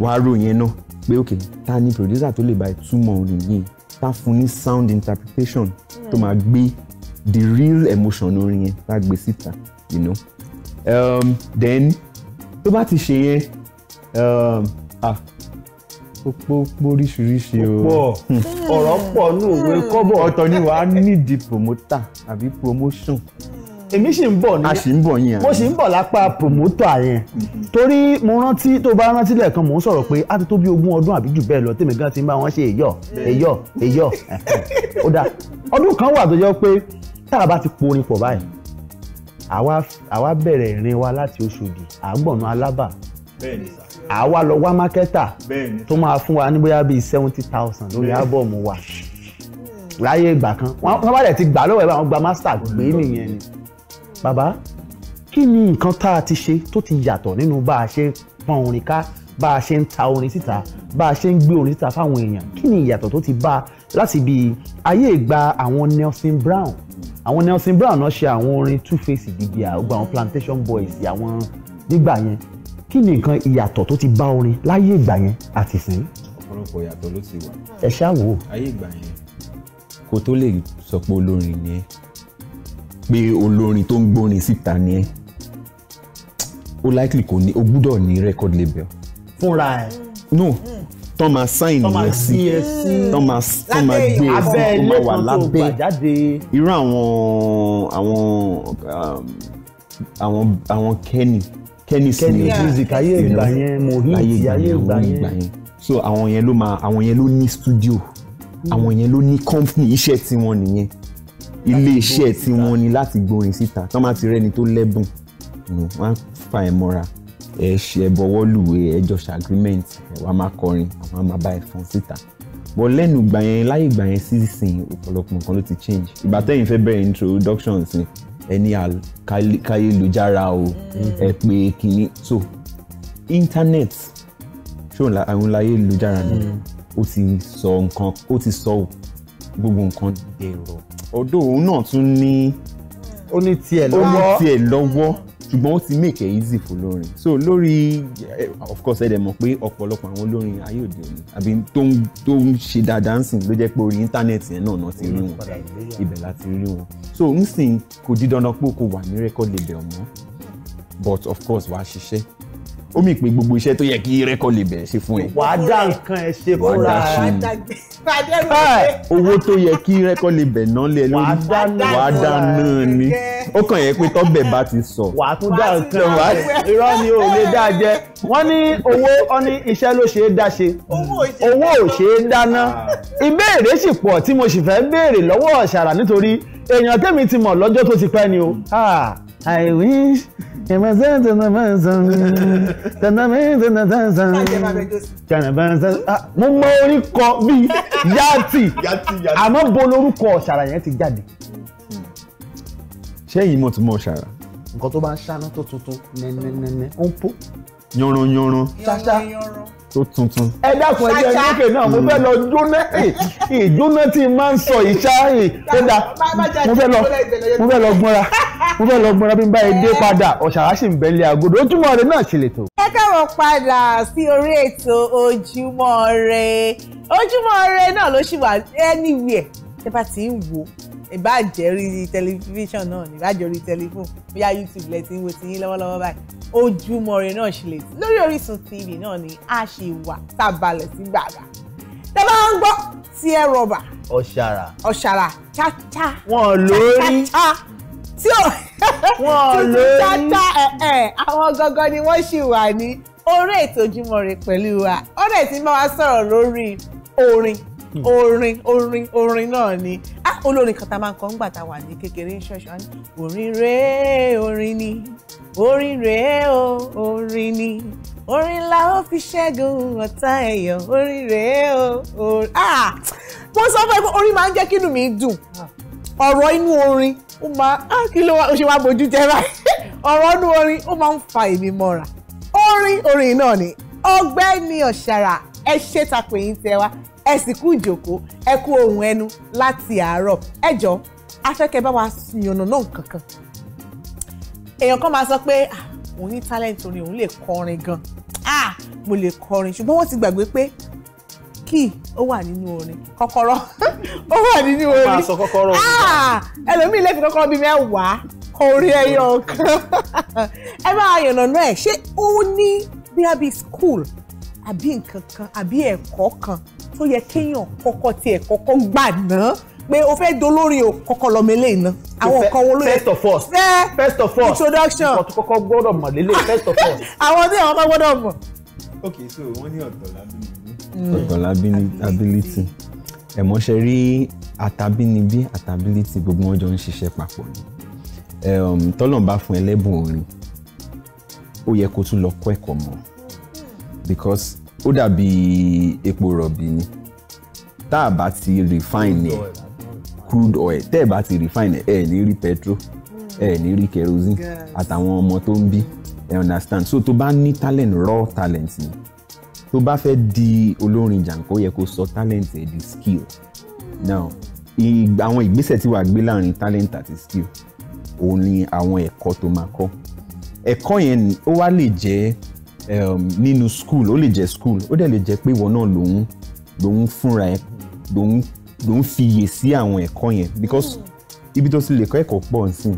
wàá ròyìn náà pé ok ta ni producer tó lè bá ìtumọ̀ orin yìí tá fún ní sound interpretation tó máa gbé the real emotion orin yẹn tá gbé síta you know um, then tó bá ti ṣe yẹn um, ah pọ̀ oríṣiríṣi o ọ̀rọ̀ pọ̀ nù òwe hmm. kọ́bọ̀ ọ̀tọ̀ ni wàá nídìí promoter àbí promotion èmi sì ń bọ̀ ní a sì ń bọ̀ yẹn mo sì ń bọ̀ lápá promoter yẹn torí mo rántí tó bá rántí lẹ́ẹ̀kan mò ń sọ̀rọ̀ pé á ti tó bí ogún ọdún àbí jù bẹ́ẹ̀ lọ tèmi gan ti ń bá wọn ṣe èyọ̀ èyọ̀ èyọ̀ ó dáa ọdún kan wà tó jẹ́ pé tá a bá ti porin pọ̀ báyìí àwa bẹ̀rẹ̀ ìrìn wa láti Òṣòdì àgbọ̀nà Alábà àwa lọ wá mákẹ́tà tó máa fún wa ní bóyá bíi seventy thousand lórí ábọ̀mù wa láyé ìgbà kan wọ́n bá dẹ̀ ti gbà lọ́wọ́ ẹ̀ bá wọn gba master gbé nìyẹn ni bàbá kí ni nǹkan tá a ti ṣe tó ti yàtọ̀ nínú bá a ṣe pọn orin ká bá a ṣe ń ta orin síta bá a ṣe ń gbé orin síta fáwọn èèyàn kí ni ìyàtọ̀ tó ti bá a láti bí ayé ìgbà àwọn Nelson Brown àwọn Nelson Brown náà ṣe àwọn orin Two Face ìdìbì àgbà àwọn Plantation Boys àwọn nígbà yẹn kí ni nǹkan ìyàtọ̀ tó ti bá orin láyé ìgbà yẹn àti sìn. ọ̀pọ̀lọpọ̀ ìyàtọ̀ ló ti wà. ẹ ṣáà wò. ayé ìgbà yẹn kò tó lè sọ pé olórin ni ẹ́ pé olórin tó ń gbórin síta ni ẹ ó likely kò ní o gbúdọ̀ ní record label. fúnra ẹ. no tán máa sign yẹn sí tán máa tán máa gbé e sí tó máa wà lábẹ́ irú àwọn àwọn um, àwọn àwọn Kenny Kenny Smith music ayé ayé ìgbà yẹn so àwọn yẹn ló ma. àwọn yẹn ló ní studio àwọn yẹn ló ní company iṣẹ́ tiwọn nìyẹn ilé iṣẹ́ tí wọ́n ní láti gbórin síta tọ́ máa ti rẹ́ni tó lẹ́bùn wọ́n á fa ẹ̀ mọ́ra ẹ ṣe bọwọ́ lùwẹ̀ ẹ jọ ṣe agreement ẹ wá máa kọrin àwọn á máa bá ẹ fọn síta bọ́ lẹ́nu gbà yẹn láyé gbà yẹn sísìn ọ̀pọ̀lọpọ̀ nǹkan ló ti change ìgbà tẹ́yìn fẹ́ bẹ̀rẹ̀ introductions ni ẹni káyélujára o ẹ mm. pé kínní so internet ṣó àwọn ayélujára ni mm. ó ti sọ nǹkan ó ti sọ gbogbo nǹkan dẹ̀rọ̀ odò òun náà tún ní ó ní tiẹ̀ lọ́wọ́ ó ní tiẹ̀ lọ́wọ́ ṣùgbọ́n ó ti make it easy fún lórin so lórí eh, of course ẹ dẹ̀ mọ̀ pé ọ̀pọ̀lọpọ̀ àwọn olórin ayé òde òní àbí tó ń ṣe dáadáa ńsìn ló jẹ́ pé orí íńtánẹ́ẹ̀tì yẹn náà náà ti rí wọn ibẹ̀ láti rí wọn so ńsìn kò di dandan pé kò wà ní record label mọ́ but of course wàá ṣiṣẹ́ ó mì pé gbogbo iṣẹ́ tó yẹ kí rẹ́kọ̀ lè bẹ̀rẹ̀ sí fún ẹ. wà á dá nǹkan ẹ ṣe fúnra rẹ. owó tó yẹ kí rẹ́kọ̀ lè bẹ̀ náà lé ẹ lórí wà á dá náà ni ó kàn yẹ pé tọ́bẹ̀ bá ti sọ. wà á tún dá nǹkan ẹ irọ́ ni ò lè dá jẹ wọ́n ní owó wọ́n ní iṣẹ́ ló ṣe é dá ṣe owó ò ṣe é dáná ìbéèrè sì pọ̀ tí mo sì fẹ́ béèrè lọ́wọ́ ọ̀ṣàrà nítorí èèyàn tẹ́mi ti mọ̀ lọ́jọ́ tó ti pẹ́ ni o. Ah. I wish in my son to the man son to the man to the man son. mo mọ orin kọ bíi yáàtì àmọ́ bo lórúkọ ọ̀ṣàrà yẹn ti jáde. ṣẹ́yìn mo ti mọ ọ̀ṣàrà. nǹkan tó bá ń ṣáná tó tuntun nẹ́nẹ́nẹ́nẹ́ ó ń pò. yanran yanran. ṣáṣá tó tuntun. ẹ dákun ẹjẹ lókè náà mo fẹ́ lọ jóná ìjóná tí máa ń sọ ìṣá ó dà mo fẹ́ lọ gbọ́nra mo fẹ́ lọ gbọ́nra bí n bá yẹn dé padà ọ̀ṣàrá sì ń bẹ̀lẹ̀ àgọ́dọ̀ ojúmọ́ rẹ náà ṣe lè tó. ẹ káwọn padà sí orí ètò ojúmọ́ rẹ ojúmọ́ rẹ náà ló ṣì wà anywhere tẹ bá ti ń wò ìbàjẹ́ rí tẹlifíṣàn náà ní ìbàjẹ́ rí tẹlifóònù bóyá youtube lẹ ti ń wo ti yín lọ́wọ́lọ́wọ́ báyìí ojúmọ́re náà ṣe lè tì lórí orísun tv náà ni a ṣe wà tá a balẹ̀ sí gbàgbà tẹ bá ń gbọ́ tí ẹ rọ̀bà. ọ̀ṣàrà. ọ̀ṣàrà chacha. wọn lórí. chacha tí ò. wọn [LAUGHS] lórí. chacha ẹ ẹ àwọn gangan ni wọ́n ṣì wà ní orí ètò ojúmọ́re pẹ̀lú wa ó dẹ̀ ti máa sọ̀rọ̀ lórí orin Mm. orin orin orin náà ni ah olórin kan tá a máa ń kọ ńgbà tá a wà ní kékeré ní ṣọ́ọ̀ṣì ni orin rèé orin ni orin rèé o orin ni orin la ó fi ṣẹ́gun ọ̀tá ẹ̀yàn orin rèé o orin ah wọ́n sọ fún ẹ pé orin máa ń jẹ́ kí inú mi dùn ọ̀rọ̀ inú orin ó máa ah kí ló wá ó ṣe wá bójú jẹ báyìí [LAUGHS] ọ̀rọ̀ inú orin ó máa ń fa èmi mọ́ra orin orin náà ni ọgbẹ́ni ọ̀ṣàrà ẹ ṣe takò yín tẹ wá ẹ sì kú ìjòkó ẹ kú ohun ẹnu láti àárọ̀ ẹ jọ afẹ́kẹ́ bá wa yànnà náà kankan èèyàn kan máa sọ pé òun ní talent orin òun lè kọrin gan ah mo lè kọrin ṣùgbọ́n wọ́n ti gbàgbé pé kíì ó wà nínú orin kọ́kọ́rọ́ [LAUGHS] ó wà nínú orin ó máa sọ kọ́kọ́rọ́ ah ẹlòmíì lè fi kọ́kọ́rọ́ bíi mẹ́wàá kọ orí ẹyọ kan [LAUGHS] ẹ máa yànnàná ẹ ṣé ó ní bíi àbí school àbí nǹkan kan àbí ẹ̀kọ́ kan tó yẹ kéèyàn kọ́kọ́ tiẹ̀ kọ́kọ́ gbà náà pé o fẹ́ dolórin o kọ́kọ́ lọ mele iná. àwọn nǹkan wo ló yẹ first of all first of all introduction nǹkan tó kọ́kọ́ gbọ́dọ̀ mọ̀ lélẹ̀ first of all. [LAUGHS] àwọn tí àwọn kan gbọ́dọ̀ mọ̀. ok so wọ́n ní ọ̀tọ̀ ability, hmm. ọ̀tọ̀ lábínibí ẹ̀mọ́ṣẹ́ rí àtàbínibí àtàbílítì gbogbo wọn jọ ń ṣiṣẹ́ papọ̀ ni tọ́lọ́n bá fún ẹlẹ́bùn orin ó yẹ kó tún lọ kọ́ ẹ̀kọ́ mọ́ because ó dàbí epo rọ̀bì ni tá a bá ti refine ẹ̀ crude oil tẹ́ ẹ̀ bá ti refine ẹ̀ ẹ̀ ní rí petrol ẹ̀ ní rí kerosene àtàwọn ọmọ tó ń bí ẹ̀ understand so tó bá ní talent raw talent ni tó bá fẹ́ di olórin jàǹkó yẹ kó sọ talent ẹ̀ di skill now àwọn ìgbésẹ̀ tí wàá gbé láàrin talent àti skill òun ni àwọn ẹ̀kọ́ tó máa kọ́ ẹ̀kọ́ yẹn ó wá lè jẹ́ um, nínú school ó lè jẹ́ school ó dẹ̀ lè jẹ́ pé ìwọ náà lòun lòun fúnra ẹ̀ lòun lòun fi iyè sí àwọn ẹ̀kọ́ yẹn because hmm. ibi tó ti lè kọ́ ẹ̀kọ́ pọ̀ nsìn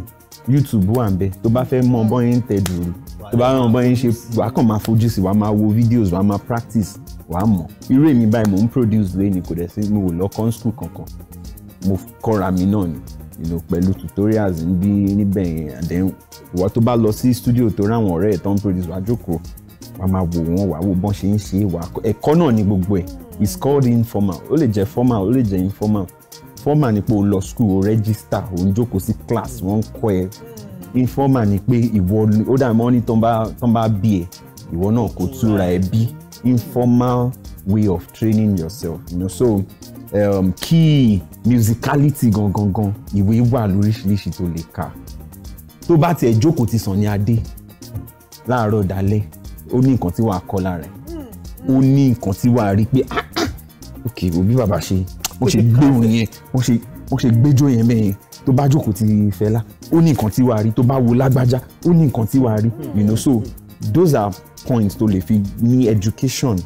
YouTube wà ń bẹ tó bá fẹ́ mọ bọ́n yẹn ń tẹ dùrù tó bá mọ bọ́n ń ṣe wàá kàn máa fojú sí wàá máa wo videos wàá máa practice wàá mọ̀ irú èmi báyìí mò ń produce lẹ́yìn kò dẹ̀ sí mi ò lọ́kàn school kankan mo kọ́ra mi náà ni you know, pẹ̀lú tutorials ń bí níbẹ̀ yẹn àdéhùn ìwọ tó bá lọ sí studio tó ráwọn ọ̀rẹ́ ẹ̀ tó produce wàá jókòó wàá máa wò wọ́n wàá wò bọ́n ṣe ń ṣe wà ẹ̀kọ́ náà ni gbogbo ẹ̀ it's called informal ó lè jẹ́ formal ó lè jẹ́ informal formal ni pé o lọ school o register o ń jókòó sí class wọ́n ń kọ́ ẹ hmm. informal ni pé ìwọ ó dà mọ́ ní tán bá bí ẹ ìwọ náà kò túra ẹ bí informal way of training yourself you know so um, key musicality gangan gan ìwé wà lóríṣiríṣi tó lè kà tó bá tiẹ̀ jókòó ti Sunny Adé láàárọ̀ dalẹ́ ó ní nǹkan tí wàá kọ́ lára ẹ̀ ó ní nǹkan tí wàá rí pé ah, ah, ok òbí bàbá ṣe wọ́n ṣe gbé òun yẹn wọ́n ṣe gbẹ́jọ́ yẹn mẹ́yẹn tó bá jókòó ti Fẹlá ó ní nǹkan tí wàá rí tó bá wo Lágbájá ó ní nǹkan tí wàá rí you know so those are points tó lè fi ní education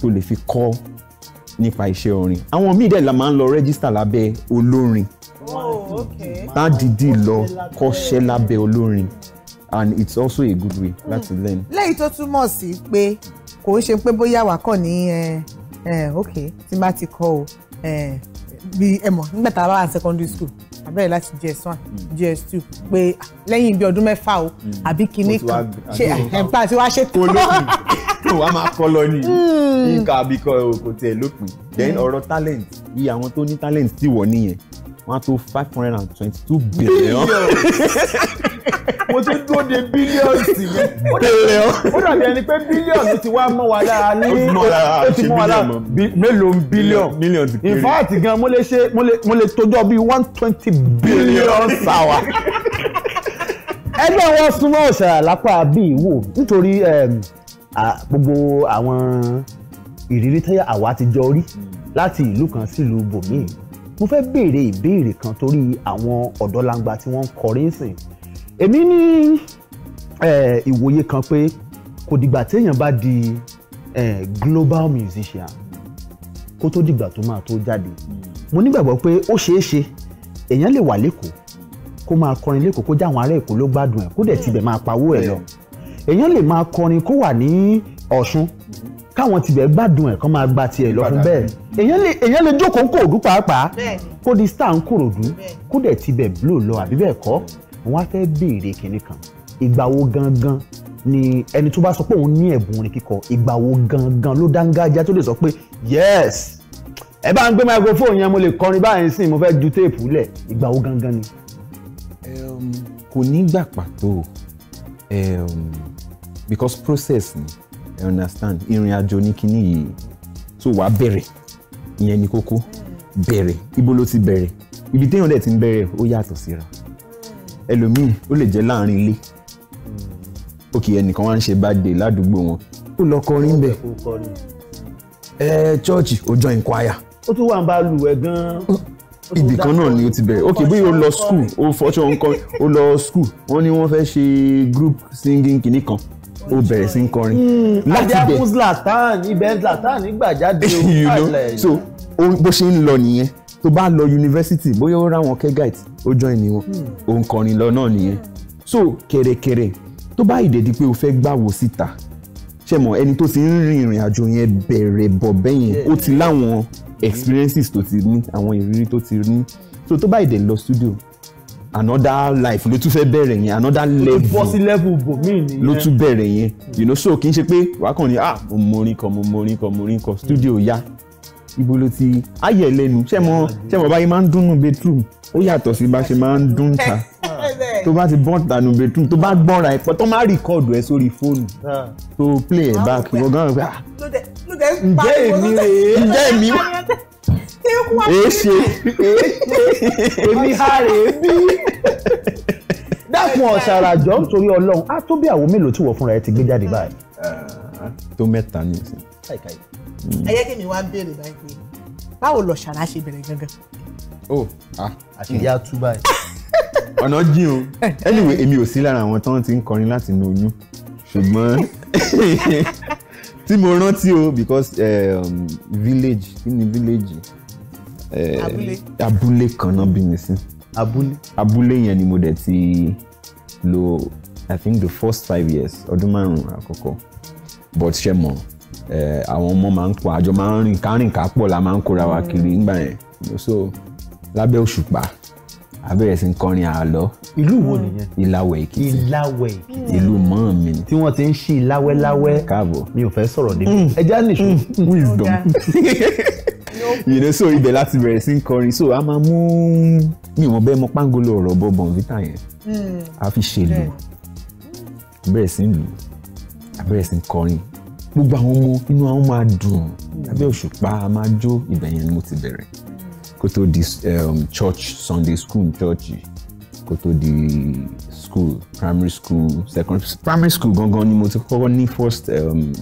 tó lè fi kọ́ nípa iṣẹ́ orin àwọn míì dẹ̀ la máa ń lọ rẹ́gísítà lábẹ́ olórin oh, tá dìídì lọ kọ́ṣẹ́ lábẹ́ olórin and it's also a good way hmm. láti mm. learn. lẹ́yìn tó túmọ̀ sí pé kò ń ṣe pé bóyá wà kàn ní ẹ ẹ ok tí bá ti kọ́ o bí ẹ nígbà tá a bá wà secondary school abẹ́rẹ́ láti GS one hmm. GS two pé lẹ́yìn bí ọdún mẹ́fà o hmm. àbí kinní kan ṣe ẹ̀ǹpa tí wàá ṣe tó. tó wàá máa kọ́ lọ ní nǹkan àbíkọ́ kò tiẹ̀ lópin then ọ̀rọ̀ talent iye àwọn tó ní talent ti wọ̀ nìyẹn wọ́n á tó five hundred and twenty two billion. [LAUGHS] mo ti dúró de billions yẹn. [LAUGHS] billion. ó dàbí ẹni pé billion ló ti wá mọ́ wa lára ní ó ti mọ́ wa lára mélòó billion. million ti kéré. in fact gan mo lè ṣe mo lè tójọ́ bíi one twenty billion sáwà. [LAUGHS] ẹgbẹ́ wọn súnmọ́ ọ̀sà lápá bíi wò nítorí gbogbo àwọn ìrírí tẹ́yà àwa ti jọ rí hmm. láti ìlú kan sílùú bòmíì mo fẹ́ béèrè ìbéèrè kan torí àwọn ọ̀dọ́langba tí wọ́n ń kọrin sìn èmi ní ìwòye kan pé kò dìgbà téèyàn bá di global musician kó tó dìgbà tó máa tó jáde mo nígbàgbọ́ pé ó ṣeé ṣe èèyàn lè wà lẹ́kọ̀ọ́ kó máa kọrin lẹ́kọ̀ọ́ kó já àwọn ará èkó ló gbádùn ẹ̀ kó dẹ̀ tibẹ̀ máa pawó ẹ̀ lọ èèyàn lè máa kọrin kó wà ní ọ̀ṣun káwọn tibẹ̀ gbádùn ẹ̀ kán máa gba tiẹ̀ lọ fún bẹ́ẹ̀ èèyàn lè jókòó ń kòòdú pàápàá kó di star ń kòròdú kó dẹ̀ tibẹ̀ Blue. lọ àbí bẹ́ẹ̀ kọ́ wọn á fẹ́ béèrè kinní kan ìgbà wo gangan ni ẹni tó bá sọ pé òun ní ẹ̀bùn orin kíkọ ìgbà wo gangan ló dángájá tó lè sọ pé yes ẹ bá ń gbé microphone yẹn mo lè kọrin báyìí sìn mo fẹ́ ju téèpù lẹ̀ ìgbà wo gangan ni. kò ní gbà pàtó because process ni you understand ìrìn àjò ní kinní yìí so wàá bẹ̀rẹ̀ ìyẹn ni kókó bẹ̀rẹ̀ ibo ló ti bẹ̀rẹ̀ ibi téèyàn dẹ̀ ti ń bẹ̀rẹ̀ ó yàtọ̀ síra ẹlòmíì ó lè jẹ́ láàrin ilé òkè ẹnìkan wá ń ṣe birthday ládùúgbò wọn ó lọ kọrin bẹ̀ ẹ chọ́ọ̀chì ó join choir. ó tún wà ń bá lù ẹ gan-an. Mm. ibì kan náà ni ó ti bẹ̀rẹ̀ ok bí o lọ school o fọ́ṣọ́ nǹkan o lọ school wọ́n ní wọ́n fẹ́ ṣe group singing kìnnìkan ó bẹ̀rẹ̀ sí ń kọrin. Hmm, láti bẹ̀ adiakun zlatan ibẹ̀ zlatan nígbà jáde òun [LAUGHS] kàlẹ̀. so bó ṣe ń lọ nìyẹn tó bá lọ yunifásitì bóyá ó ráwọn kẹ́gàìtì ó join ni wọn òun hmm. kọrin lọ náà nìyẹn so kẹ̀rẹ̀kẹ̀rẹ̀ tó bá ìdẹ̀dí pé o fẹ́ gbàwò síta ṣe mọ ẹni tó ti ń rin ìrìn àjò yẹn bẹ̀rẹ̀ bọ̀ bẹ́yẹn ó ti láwọn experiences tó ti ní àwọn ìrírí tó ti ní so tó bá ìdẹ̀ lọ studio another life ló tún fẹ́ bẹ̀rẹ̀ yẹn another level ló bọ́ sí level bò mí nìyẹn ló tún bẹ̀rẹ̀ yẹn you know so kì í ṣe pé wàá kàn ní ah mo morin kan mo morin kan mo morin kan studio ya ibo ló ti ayẹ̀ lẹ́nu ṣé mo ṣé mo báyìí máa ń dúnnú bedroom ó yàtọ̀ sí bá ṣe máa ń dún ta [LAUGHS] tó bá ti bọ́n tanu bedroom tó bá gbọ́nra ẹ̀ pọ̀ tó má rìkọ́ọ̀dù ẹ̀ sórí fóònù tó play ẹ̀ back ah, wọ́n gan-an pé ah ǹjẹ́ èmi rèé ǹjẹ́ èmi wá èéṣe èmi ha rèé bí dákun ọ̀sàrà jọ nítorí ọlọ́run á tó bí àwọn mélòó tí wọ́n fúnra ẹ ti gbé jáde báyìí. tó mẹ́ta ni. ẹ jẹ́ kí mi wá béèrè báyìí pé báwo lọ̀sàrà ṣe bẹ̀rẹ̀ gangan. ó oh, àṣírí á tú báyìí. [LAUGHS] ọ̀nà jìn o anyway èmi ò sí lára àwọn tó ń ti ń kọrin láti inú oyún ṣùgbọ́n [LAUGHS] tí mo rántí o because eh, um, village kí ni village Eh, Abule. kan náà bí mi sí Abule, abúlé yẹn ni mo dẹ̀ ti lò i think the first five years ọdún márùn-ún àkọ́kọ́ but ṣe mọ̀ eh, àwọn ọmọ máa ń pọ̀ àjọ máa ń rìn kárìn ká pọ̀ la máa ń kóra wa kiri ńgbà mm. yẹn so lábẹ́ òṣùpá a bẹ̀rẹ̀ sí kọrin àlọ́. ìlú wo nìyẹn. ìlàwẹ̀ èkìtì ìlàwẹ̀ èkìtì ìlú mọ́ mi ni. tí wọ́n ti ń ṣí láwẹ́láwẹ́. káàbọ̀ mi ò fẹ́ sọ̀rọ̀ níbi. Mm. ẹja nìṣó mm. wisdom. [LAUGHS] you know so ibẹ̀ láti bẹ̀rẹ̀ sí kọrin so a máa mú mi wọn bẹ́ẹ̀ mọ pangolo ọ̀rọ̀ bọ bọ̀nvítà yẹn hmm. a fi ṣèlú bẹ̀rẹ̀ sí lù a bẹ̀rẹ̀ sí kọrin gbogbo àwọn ọmọ inú àwọn máa dùn hmm. abẹ́ òṣùpá a máa jó ibẹ̀ yẹn ni mo ti bẹ̀rẹ̀ hmm. kó tó di um, church sunday school church kó tó di school primary school secondary primary school gangan ni mo ti kọ́kọ́ ní first um,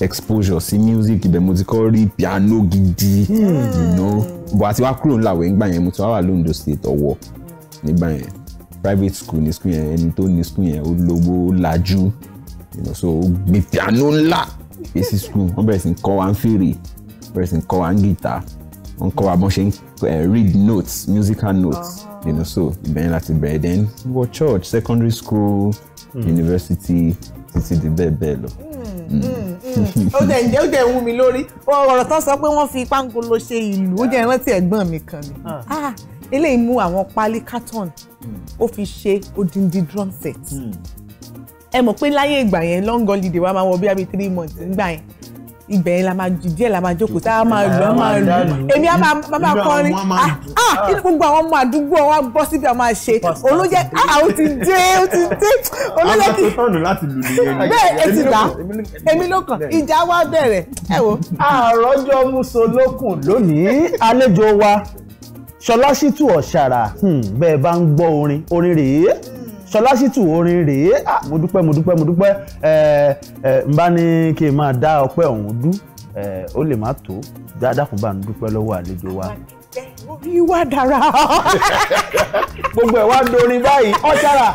exposure sí music ibẹ̀ mo ti kọ́ rí piano gidi hmm. you know bọ̀ àti wá kúrò ńláwẹ̀ ńgbà yẹn mo ti wá wà lóńdó state ọ̀wọ̀ nígbà yẹn private school ní school yẹn ẹni tó ní school yẹn ó lówó lajú you know so ó gbé piano ńlá gbé sí school wọ́n bẹ̀rẹ̀ sí ń kọ́ wa ń fèrè bẹ̀rẹ̀ sí ń kọ́ wa ń guitar wọ́n kọ́ wa bọ́n ṣe ń eh, read notes musical notes oh. you know so ìbẹ̀yẹn láti bẹ̀rẹ̀ then wọ church secondary school hmm. university títí di bẹ́ẹ̀ bẹ́ẹ̀ lọ ó mm, dẹ̀ mm, mm. ǹjẹ́ ó dẹ̀ wú mi lórí ọ̀rọ̀ tán sọ pé wọ́n fi pángolo ṣe ìlú ó jẹ́ rántí ẹ̀gbọ́n mi kan ni ah. Ah, eléyìí mú àwọn pálí carton ó fi ṣe odindi drum set ẹ mọ̀ pé láyé ìgbà yẹn long holiday wa máa wọ bí i three months nígbà yẹn ibẹ̀ yẹn la máa jù díẹ̀ la máa jókòó tá a máa lù ọ́ máa lù èmi á máa máa kọrin ah, ah kí ni gbogbo àwọn ọmọ àdúgbò wa bọ́ síbi àwọn àṣe olóyè ah o ti dé o ti dé olóyè kì í bẹ́ẹ̀ ẹ ti gbà èmi ló kàn ìjà wa bẹ̀rẹ̀ ẹ wo. àròjọ musolókun lónìí àlejò wa ṣọlá ṣìtú ọ̀ṣàrà hmm, bẹ́ẹ̀ bá ń gbọ́ orin orin rèé. Ṣọlásìtù orin rèé ah, mo dúpẹ́ mo dúpẹ́ mo dúpẹ́ n ní kí n máa dá ọpẹ́ ọ̀hún dú ó lè má tó dáadáa fún bá dúpẹ́ lọ́wọ́ àlejò wa orí wa dára. gbogbo ẹ̀ wá ń dorin báyìí ọ̀sára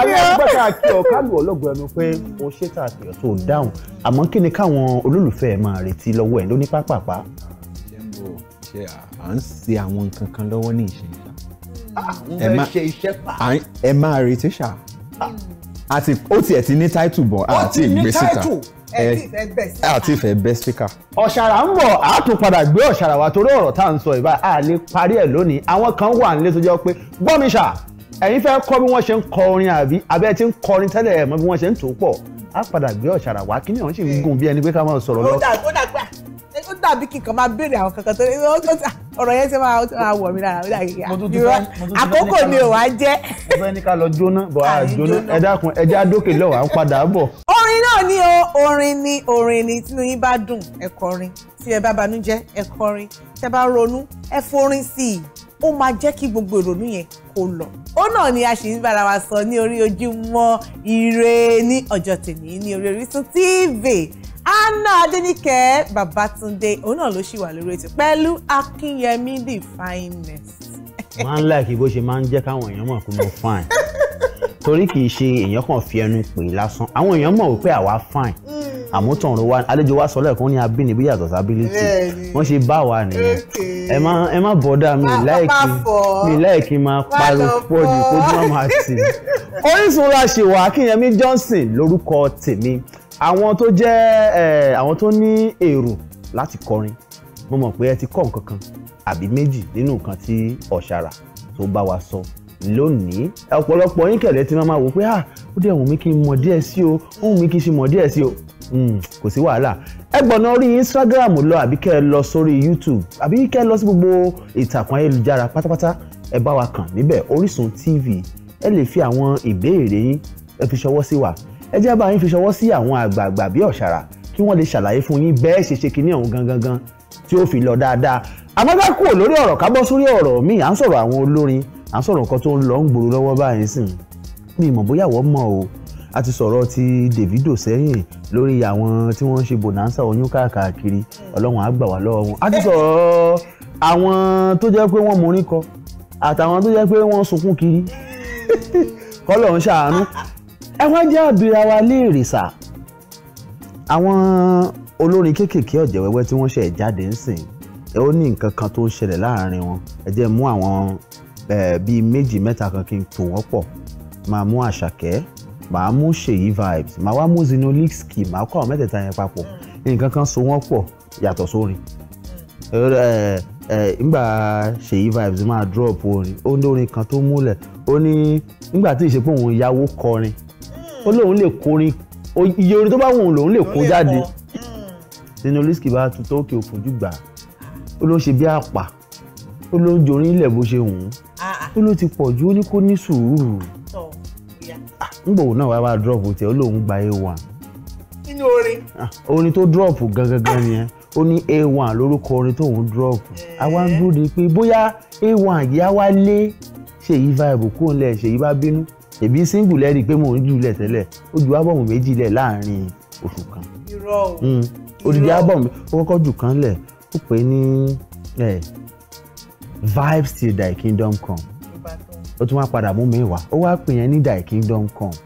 alágbàtà àti ọ̀kálù ọlọ́gbọ̀n ẹnu pé o ṣe tà àti ọ̀tún ò dáhùn àmọ́ kí ni káwọn olólùfẹ́ ẹ̀ máa retí lọ́wọ́ ẹ̀ lóní pápápá. à ń ṣe àwọn nǹkan kan lọ́wọ́ ní ìṣẹ́yìn ẹ má ṣe iṣẹ́ pa. ẹ máa retí ṣá àti ah. ó tiẹ̀ ti ní táìtù bọ̀ àti ìgbé síta àti ìfẹ́ bẹ́ síkà. ọ̀ṣàrà ń bọ̀ a tún padà gbé ọ̀ṣàrà wa torí ọ̀rọ̀ tá à ń sọ ìbá a lè parí ẹ̀ lónìí àwọn kan wà nílé tó jẹ́ pé gbọ́mi ṣà ẹ̀yin fẹ́ kọ́ bí wọ́n ṣe ń kọ orin àbí abẹ́ ti ń kọrin tẹ́lẹ̀ ẹ̀ mọ́ bí wọ́n ṣe ń tò pọ̀ a padà gbé ọ̀ṣàrà wa kí ni àwọn sì ń gùn bí ẹni pé ká máa sọ̀rọ̀ lọ. ó dà ó dà pé tàbí kíkan máa béèrè àwọn kankan tó ọ̀rọ̀ yẹn ṣe máa máa wọ̀ mí lára nígbà kíkà ìrọ̀ àkókò ni ò wá jẹ́. mo fẹ́ ní ká lọ jóná bọ̀ á jóná ẹ dákun ẹ já dókè lọ́wọ́ à ń padà bọ̀. orin náà ni o orin ni orin ni tí yín bá dùn ẹ kọrin tí ẹ bá banújẹ́ ẹ kọrin tí ẹ bá ronú ẹ forin sí i ó máa jẹ́ kí gbogbo ìrònú yẹn kó lọ. ó náà ni a sì ń bára wa sọ ní orí Ojúmọ́ Ire ní ọjọ́ tèmi ní orí Orísun TV Anna Adenike Babatunde òun náà ló ṣì wà lórí ètò pẹ̀lú Akínyẹmí the finest. máa ń láìkí bó ṣe máa ń jẹ́ káwọn èèyàn mọ̀ pé mo fine torí kì í ṣe èèyàn kan fi ẹnu pè lásán àwọn èèyàn mọ̀ wípé àwa fine mm. àmọ́ tọ̀run wa àlejò wa sọ lẹ́ẹ̀kan ní abínibí yàtọ̀ sábílítì wọ́n ṣe bá wa nìyẹn ẹ má ẹ má bọ̀dá mi láìkí mi láìkí máa pariwo pọ̀jù kójú ọmọ àti Orísun la ṣe wà Akínyẹmí Johnson lórúkọ tèmi àwọn tó jẹ́ ẹ̀ àwọn tó ní èrò láti kọrin mo mọ̀ pé ẹ ti kọ́ nǹkan kan àbí méjì nínú nǹkan tí ọ̀ṣàrà tó bá wa sọ lónìí ọ̀pọ̀lọpọ̀ yín kẹ̀lẹ́ ti máa wò pé ah ó dẹ̀ wùn mí kí n mọ̀ díẹ̀ sí o ó wùn mí kí n ṣe mọ̀ díẹ̀ sí o hmm, kò sí wàhálà ẹ gbọ̀nà orí Instagram lọ àbí kẹ́ ẹ lọ sórí YouTube àbí kẹ́ ẹ lọ sí gbogbo ìtàkùn ayélujára pátápátá ẹ bá wa kàn níbẹ̀ Orísun TV ẹ lè fi àwọn ìbéèrè yín ẹ fi ṣọwọ́ sí wa ẹ jẹ́ bá yín fi ṣọwọ́ sí àwọn àgbààgbà bí ọ̀ṣàrà kí wọ́n lè ṣàlàyé fún yín bẹ́ẹ̀ ṣe ṣe kinní ọ̀hún gangan gan tí ó fi lọ dáadáa àmọ́ká kúrò lórí ọ̀rọ̀ ká bọ́ sórí ọ̀rọ̀ míì à ń sọ̀rọ̀ àwọn olórin à ń sọ̀rọ̀ nǹkan tó ń lọ ń gbòòrò lọ́wọ́ báyìí sìn mi ìmọ̀ bóyá wọ́n mọ̀ o a ti sọ̀rọ̀ ti Davido sẹ́yìn lórí àwọn tí wọ́n ń ṣe bonanza oyún káàkiri ọlọ́run á gbà wá lọ́wọ́ wọn a ti sọ̀rọ̀ àwọn tó jẹ́ pé wọ́n morin kọ àtàwọn tó jẹ́ pé wọ́n sunkún kiri [LAUGHS] kọ́lọ́run ṣàánú ẹ wá jẹ́ àbíra wa léèrè sà àwọn olórin kéékèèké ọ̀jẹ̀ wẹ́wẹ́ tí wọ́n ṣẹ̀ jáde ń sìn ẹ ó ní nǹkan kan tó ń láàrin wọn ẹ jẹ́ mú àwọn bíi méjì mẹ́ta kan kí n tò wọ́n pọ̀ máa mú àṣàkẹ́ màá mú ṣèyí vibes wá mú zinolixki kọ́ àwọn mẹ́tẹ̀ẹ̀ta yẹn papọ̀ nǹkan kan so wọ́n pọ̀ yàtọ̀ sórin vibes máa drop orin ó kan tó múlẹ̀ ó ní tí ó lóun lè kọrin iye orin tó bá wù lòun lè kó jáde nínú risky bá tutọ́ òkè òfojú gbà ó ló ń ṣe bí àpà ó ló ń jorin ilẹ̀ bó ṣe wù ú ah, ah. ó ló ti pọ̀ ju ó ní kó ní sùúrù ngbòwò ah, náà wàá wàá drop tiẹ̀ ó lóun gba a1. nínú orin. orin tó drop gangan gan nìyẹn ó ní a1 lórúkọ orin tóun drop àwa ń eh. dúró de pé bóyá a1 yìí á wá lé ṣèyí vibe kúrò ńlẹ̀ ṣèyí bá bínú èbí single lẹ́rìí pé mò ń jùlẹ̀ tẹ́lẹ̀ ó ju ábọ̀mù méjì lẹ̀ láàrin oṣù kan hmm. odidi ábọ̀mù ó kọ́kọ́ jù kan lẹ̀ ó pè ní Vibe still die, kingdom come ó tún wá padà mú mi wá ó wá pè yẹn ní die, kingdom come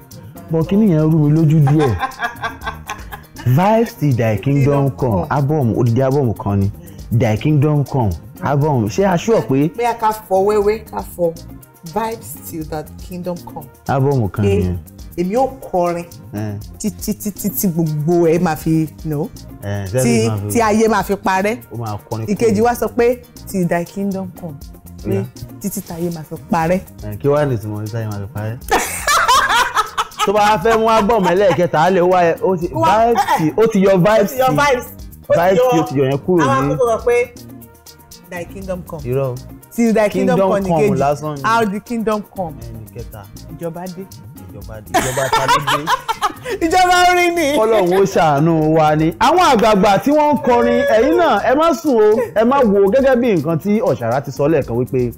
bọ̀ kí nìyẹn rú mi lójú díẹ̀ [LAUGHS] Vibe still die, kingdom come ábọ̀mù odidi ábọ̀mù kan ni Die, kingdom come ábọ̀mù ṣé aṣọ pé. pé a ká fọ wẹ́wẹ́ ká fọ vibes till that kingdom come. ábọ̀mù kan yẹn. èmi ò kọrin títí títí tí gbogbo ẹ máa fi nù Ti ti ayé máa fi parẹ́ ìkejì wa sọ pé till thy kingdom come pé títí táyé máa fi parẹ́. kí wàá nìtumọ̀ títí táyé máa fi parẹ́ [LAUGHS] tó bá fẹ́ mú ábọ̀mù ẹlẹ́ẹ̀kẹta á lè wá ẹ ó ti vibes ó ti yọ vibes vibes ó ti yọ yẹn kúrò ní. àwọn akókò sọ pé thy kingdom come. irọ́ o till thy kingdom, kingdom come lásán how the kingdom come ìjọba dé ìjọba dé ìjọba ta [LAUGHS] ni. kọ́lọ́hún ó ṣàánú wa ni àwọn àgbààgbà tí wọ́n ń kọrin ẹ̀yin náà ẹ má sùn o ẹ má wo gẹ́gẹ́ bí nǹkan tí ọ̀ṣàrà ti sọ lẹ́ẹ̀kan wípé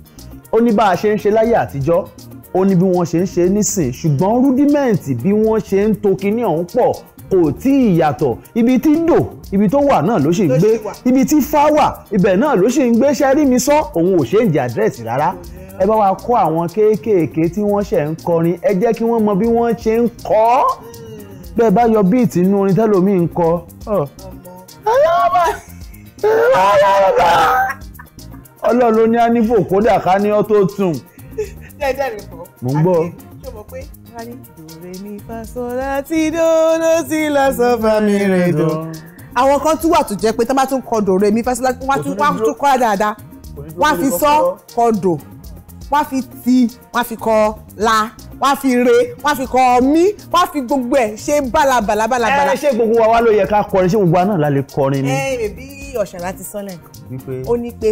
ó ní bá a ṣe ń ṣe láyé àtijọ́ ó ní bí wọ́n ṣe ń ṣe nísìn ṣùgbọ́n rúdímẹ́ǹtì bí wọ́n ṣe ń to kinní ọ̀hún pọ̀ kò tí ì yàtọ̀ ibi tí dò ibi tó wà náà ló ṣe ń gbé ibi tí fá wà ibẹ̀ náà ló ṣe ń gbé ṣẹ́rí mi sọ òun ò ṣe ń jẹ́ àdírẹ́sì rárá ẹ bá wa kọ́ àwọn kéékèèké tí wọ́n ṣẹ̀ ń kọrin ẹ jẹ́ kí wọ́n mọ bí wọ́n ṣe ń kọ́ ọ́ bẹ́ẹ̀ bá yọ bíìtì inú orin tẹ́lómi ń kọ. ọlọ́run ló ní á ní fò kódà ká ní ọ́ tó tún. mo ń gbọ́. ṣé parí. dòre mi fa sọ láti dó ló sì lọ sọ fà mí rè dó. àwọn kan tún wà tó jẹ́ pé tó bá tún kọ dòre mi fa sọ láti wọ́n tún wọ́n kọ́ dáadáa wọ́n fi sọ kọ dò wọ́n fi ti wọ́n fi kọ la wọ́n á fi re wọ́n á fi kọ mí wọ́n á fi gbogbo ẹ̀ ṣe bálabàlà bálabàlà. ẹ ṣé gbogbo wa wá ló yẹ ká kọrin ṣé gbogbo wa náà la lè kọrin ni. ẹ bí ọ̀ṣàlá ti sọ́lẹ̀ ó ní pé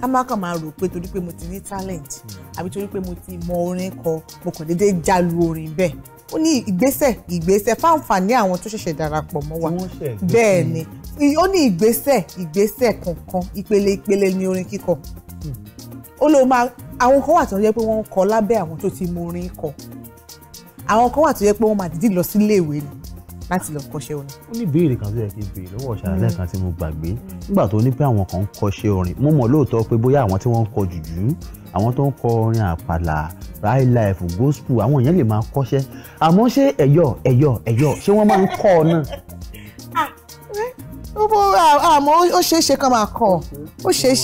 ká má kàn máa rò pé torí pé mo ti ní talent hmm. àbí torí pé mo ti mọ orin kọ mo kàn déédéé jalu orin bẹ́ẹ̀ ó ní ìgbésẹ̀ ìgbésẹ̀ fáǹfààní àwọn tó ṣẹ̀ṣẹ̀ darapọ̀ mọ́ wa bẹ́ẹ̀ ni ó ní ìgbésẹ̀ ìgbésẹ̀ kọ̀ọ̀kan ìpele ìpele ní orin kíkọ hmm ó ló máa àwọn kan wà tó yẹ pé wọ́n ń kọ lábẹ́ àwọn tó ti mú orin kọ àwọn kan wà tó yẹ pé wọ́n máa dìdí lọ sí iléèwé ni láti lọ kọ́ṣẹ́ orin. ó ní ìbéèrè kan tó yẹ kí n béèrè lọ́wọ́ ṣáà mm. lẹ́ẹ̀kan tí mo gbàgbé nígbà tó ní pé àwọn kan ń kọ́ṣẹ́ orin mo mọ̀ lóòótọ́ pé bóyá àwọn tí wọ́n ń kọ jùjú àwọn tó ń kọ orin àpàlà high life gospel àwọn èèyàn lè máa kọ́ṣẹ́ àmọ́ ṣé ẹ̀yọ̀ ẹ̀yọ̀ ẹ̀yọ̀ ṣé wọ́n máa ń kọ́ ọ náà ah, eh, ó bó àmọ́ ó ṣeé ṣe kán máa kọ́ ọ ó ṣeé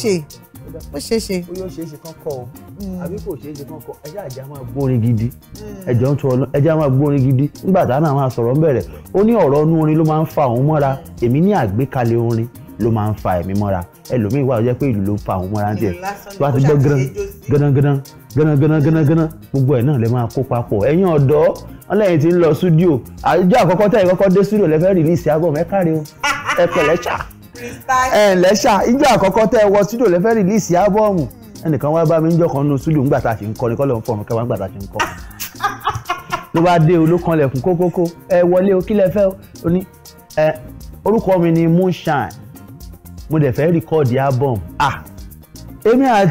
dáadáa. ó ṣeé ṣe. ó yóò ṣeé ṣe kán kọ o hmm. àbí kò ṣeé ṣe kán kọ ẹjẹ àjẹ máa gbórin gidi hmm. ẹjọ ń tún ọlọ ẹjẹ máa gbórin gidi nígbà táwọn àwọn àsọ̀rọ̀ ń bẹ̀rẹ̀ ó ní ọ̀rọ̀ inú orin ló máa ń fa òun mọ́ra hmm. èmi ní àgbékalẹ̀ orin ló máa ń fa èmi mọ́ra ẹlòmíì wà ó jẹ́ pé ìlú ló fa òun mọ́ra tiẹ̀ tó bá ti gbọ́ gánangánán gánangánán gánangánán gbogbo ẹ̀ náà lè máa kó papọ̀ ẹ̀yin ọ̀dọ́ ọlẹ́yìn tí ń lọ súdíò àjọ àkọ́kọ́ tẹ̀yìn kọ́kọ́ dé súdíò lẹ́fẹ́ rìlíìsì àgọ́ mẹ́kàrí o ẹ ẹ ǹlẹ́ ṣá ijó àkọ́kọ́ tẹ́ ẹ wọ studio lẹ́fẹ́ rìlíìsì ábọ́ọ̀mù ẹnìkan wá bá mi nínú studio ńgbà tá a ṣe ń kọ ní kọ́lọ̀ ń fọ̀rùn kẹwàá ńgbà tá a ṣe ń kọ ló bá dé kókókó ẹ wọlé o kí lẹ fẹ́ o ní ẹ orúkọ ni moonshine mo dẹ̀ fẹ́ album ah èmi a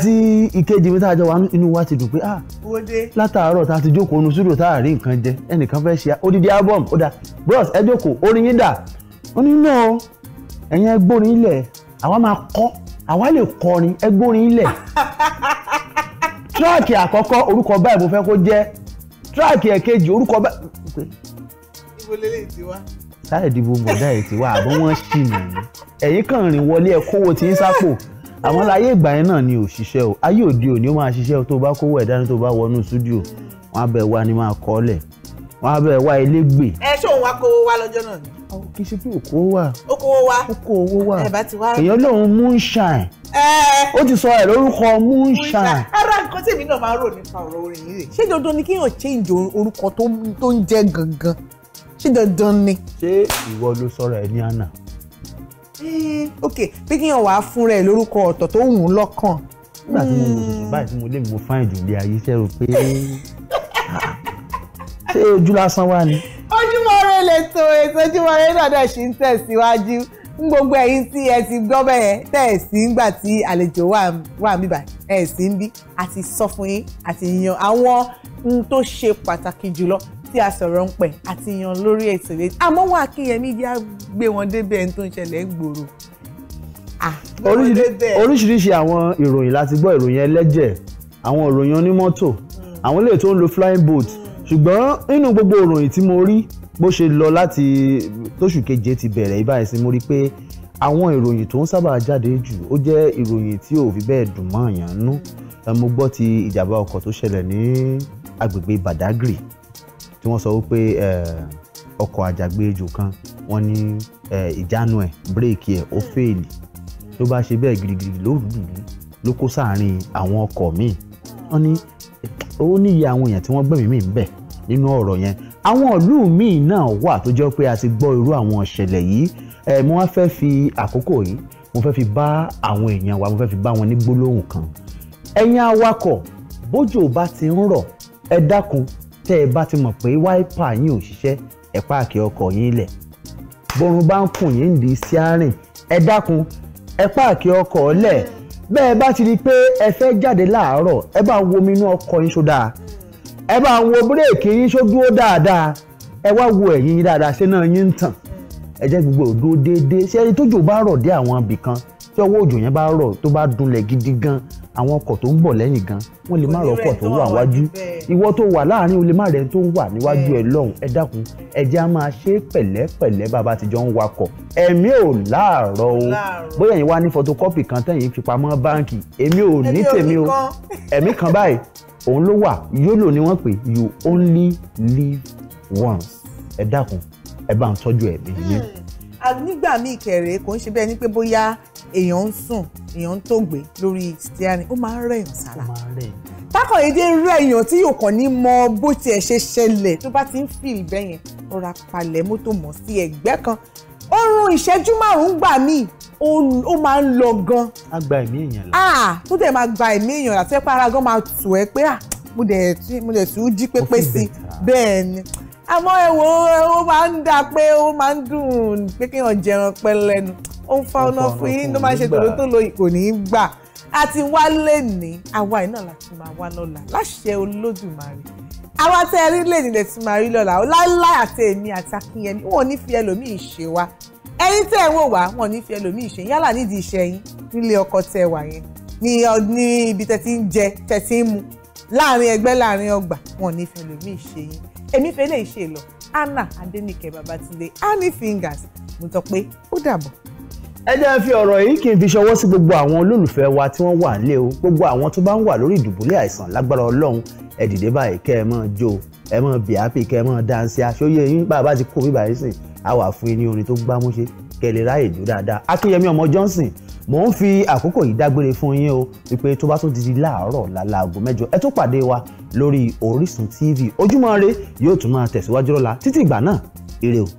jọ wà inú wa ti dùn pé ah látàárọ̀ tá a ti jókòó nu studio tá a rí nǹkan jẹ ẹnìkan fẹ́ ṣe odidi album ó da bros ẹ jókòó orin yín ẹ̀yin ẹgbórin ilẹ̀ àwa máa kọ́ àwa lè kọrin ẹgbórin ilẹ̀ tíráàkì àkọ́kọ́ orúkọ báyìí mo fẹ́ kó jẹ́ tíráàkì ẹ̀kejì orúkọ báyìí. ibo lélẹ̀ ti wá. sáré ìdìbò bọ̀dá ẹ̀ ti wá àbọ̀ wọ́n ṣì mí ẹ̀yin kàn rìn wọlé ẹ̀ kówó tí ń sápò àwọn láyé ìgbà yẹn náà ni òṣìṣẹ́ o ayé òde òní ó máa ṣiṣẹ́ tó bá kówó ẹ̀ dání tó bá wọnú stúdíò wọn á bẹ̀ wá ni máa kọ́ lẹ̀ wọn á bẹ̀ wá ilé gbè. ẹ ṣé òun wá kówó wá lọ́jọ́ náà ni kì í ṣe pé òkú wà. òkú wà. òkú owó wà. ẹ̀ bá ti wá. èèyàn lòun moonshine. ó ti sọ ẹ̀ lórúkọ moonshine. ara nǹkan tí èmi náà máa rò nípa ọ̀rọ̀ orin yìí ṣé dandan ni kéèyàn change orúkọ tó ń jẹ́ gangan ṣé dandan ni. ṣé ìwọ ló sọ̀rọ̀ ẹ ní àná. Eh, ok pé kéèyàn wàá fúnra ẹ̀ lórúkọ ọ̀tọ̀ tó wù ú lọ́kàn. nígbà tí mo hmm. báyìí tí mo lè mú fáìn jù ayé ṣẹ́rù [LAUGHS] lẹ́tò ètò Ojúmọ́ Ire náà ṣì ń tẹ̀síwájú ń gbogbo ẹ̀yin tí ẹ ti gbọ́ bẹ́ẹ̀ tẹ̀ sí ńgbà tí àlejò wà ń bíbà ẹ̀ sí ń bí àti sọ fún yín àti yan àwọn ohun tó ṣe pàtàkì jùlọ tí a sọ̀rọ̀ ń pẹ̀ àti yan lórí ètò létí àmọ́ wọn Akínyẹmí yá gbé wọn débẹ̀ ẹni tó ń ṣẹlẹ̀ ń gbòòrò. oríṣiríṣi àwọn ìròyìn láti gbọ́ ìròyìn ẹlẹ́jẹ̀ àwọn ìròyìn onímọ́tò hmm. àwọn ilé tó ń lo flying boat hmm. ṣùgbọ́n nínú gbogbo ìròyìn tí mo rí bó ṣe lọ láti tóṣù keje ti bẹ̀rẹ̀ ìbáyìí sí mo rí i pé àwọn ìròyìn tó ń sábà jáde jù ó jẹ́ ìròyìn tí ò fi bẹ́ẹ̀ dùn mọ́ àyàn nú mo gbọ́ ti ìjàmbá ọkọ̀ tó ṣẹlẹ̀ ní agbègbè Badagry tí wọ́n sọ wípé ọkọ̀ àjàgbéjò kan wọ́n ní ìjánu ẹ̀ bírèkì ẹ̀ ó fèèlì tó bá ṣe bẹ́ẹ̀ girigiri lóòrùn ló kó sáàárín àwọn ọkọ̀ míì wọ́n ní ó ní iye àwọn èèyàn tí wọ́n gbẹ̀mí mì ń bẹ̀ nínú ọ̀rọ̀ yẹn àwọn ìlú míì náà wà tó jẹ́ pé a ti gbọ́ irú àwọn ìṣẹ̀lẹ̀ yìí ẹ̀ mo wá fẹ́ fi àkókò yìí mo fẹ́ fi bá àwọn èèyàn wa mo fẹ́ fi bá wọn ní gbólóhùn kan ẹ̀yin awakọ̀ bójò bá ti ń rọ̀ ẹ dákun tẹ́ ẹ bá ti mọ̀ pé wáìpà yín ò ṣiṣẹ́ ẹ páàkì ọkọ̀ yín lẹ̀ bọ́run bá ń kùn yín di síárìn ẹ dákun ẹ páàkì ọkọ̀ lẹ̀ bẹ́ẹ̀ bá ti rí pé ẹ fẹ́ jáde láàárọ̀ ẹ bá wo omi ọkọ̀ yín ṣó dáa ẹ bá ń wo búréèkì yín ṣó dúró dáadáa ẹ wá wo ẹ̀yìn yín dáadáa ṣé náà yín ń tàn ẹ jẹ́ gbogbo òdo déédéé ṣé ẹni tójò bá rọ̀ dé àwọn ibì kan tí ọwọ́ òjò yẹn bá rọ̀ tó bá dunlẹ̀ gidi gan àwọn ọkọ̀ tó ń bọ̀ lẹ́yìn gan wọ́n lè má rọ ọkọ̀ tó wà wájú ìwọ tó wà láàrin o lè má rẹ tó wà níwájú ẹ lọ́hùn ẹ dákun ẹ jẹ́ á máa ṣe pẹ̀lẹ́pẹ̀lẹ́ bàbá àtijọ́ ń wakọ̀ ẹ̀mí ò láàárọ̀ o bóyá ẹ̀yin wá ní photocopy kan tẹ̀yìn fipamọ́ báǹkì èmi ò ní tèmi o ẹ̀mí kan báyìí òun ló wà yólò ni wọ́n pè you only live once ẹ dákun ẹ bá ń tọ́jú ẹ̀mí yín. Hmm. nígbà míì kẹ̀rẹ́ kò ń ṣe bẹ́ẹ̀ ni pé bóyá èèyàn ń sùn èèyàn ń tògbé lórí steering ó máa ń rẹ̀yàn sára tákàn èdè rẹ̀yàn tí yóò kàn ní mọ bó tiẹ̀ ṣe ṣẹlẹ̀ tó bá ti ń fìlì bẹ́yẹn rọra palẹ̀ mọ́tò mọ́ sí ẹ̀gbẹ́ kan oorun ìṣẹ́jú márùn-ún gbà míì ó máa ń lọ gan. a gba ẹ̀mí èèyàn la. Ah, tó dẹ̀ máa gba ẹ̀mí èèyàn la tó yẹ pé ara gan máa tù ẹ́ pé ah, mo dẹ̀ tún jí pépé sí i bẹ́ẹ̀ ni àmọ́ ẹ wo ó máa ń dáa pé ó máa ń dùn pé kéèyàn jẹran pẹ́ lẹ́nu ó ń fa ọ̀nà fún yín ló máa ṣe tòló tó lo kò ní í gbà àti wálé ní àwa yìí náà láti máa wá lọ́la láṣẹ Olódùmarè àwa tẹ́ ẹ rí lẹ́yìn lè ti máa rí lọ́la láíláí àti èmi àti akínyẹmí wọn ò ní fi ẹlòmíì ṣe wa ẹ̀yin tẹ́ ẹ wò wá wọn ò ní fi ẹlòmíì ṣe yálà nídìí iṣẹ́ yín nílé ọkọ tẹ́ ẹ wà yẹn ní ní ibi tẹ́ ti ń jẹ tẹ́ ti ń mu láàrin ẹgbẹ́ láàrin ọgbà wọn ò ní fi ẹlòmíì ṣe yín èmi fẹ́ lè ṣe lọ Anna Adéníkẹ́ Babátúndé Annie Fingers mo tọ́ pé ó dàbọ̀ ẹ jẹ́ fi ọ̀rọ̀ yìí kí n fi ṣọwọ́ sí gbogbo àwọn olólùfẹ́ wa tí wọ́n wà nílé o gbogbo àwọn tó bá ń wà lórí ìdùbúlẹ̀ àìsàn lágbára ọlọ́run ẹ dìde báyìí kẹ́ ẹ mọ́ jo, ẹ mọ́ bí happy kẹ́ ẹ mọ́ dáńsì aṣọ́yé yín bàbá ti kó mi báyìí sìn á wà fún yín ní orin tó gbámúṣé kẹ́ ẹ lè ráyè jó dáadáa akínyẹmí ọmọ johnson mò ń fi àkókò yìí dágbére fún yín o wípé tó bá tún di láàárọ̀ lálaago mẹ́jọ ẹ tó pàdé wa lórí Orísun TV Ojúmọ́ Ire yóò tún máa tẹ̀síwájú lọ́la títí ìgbà náà ire o.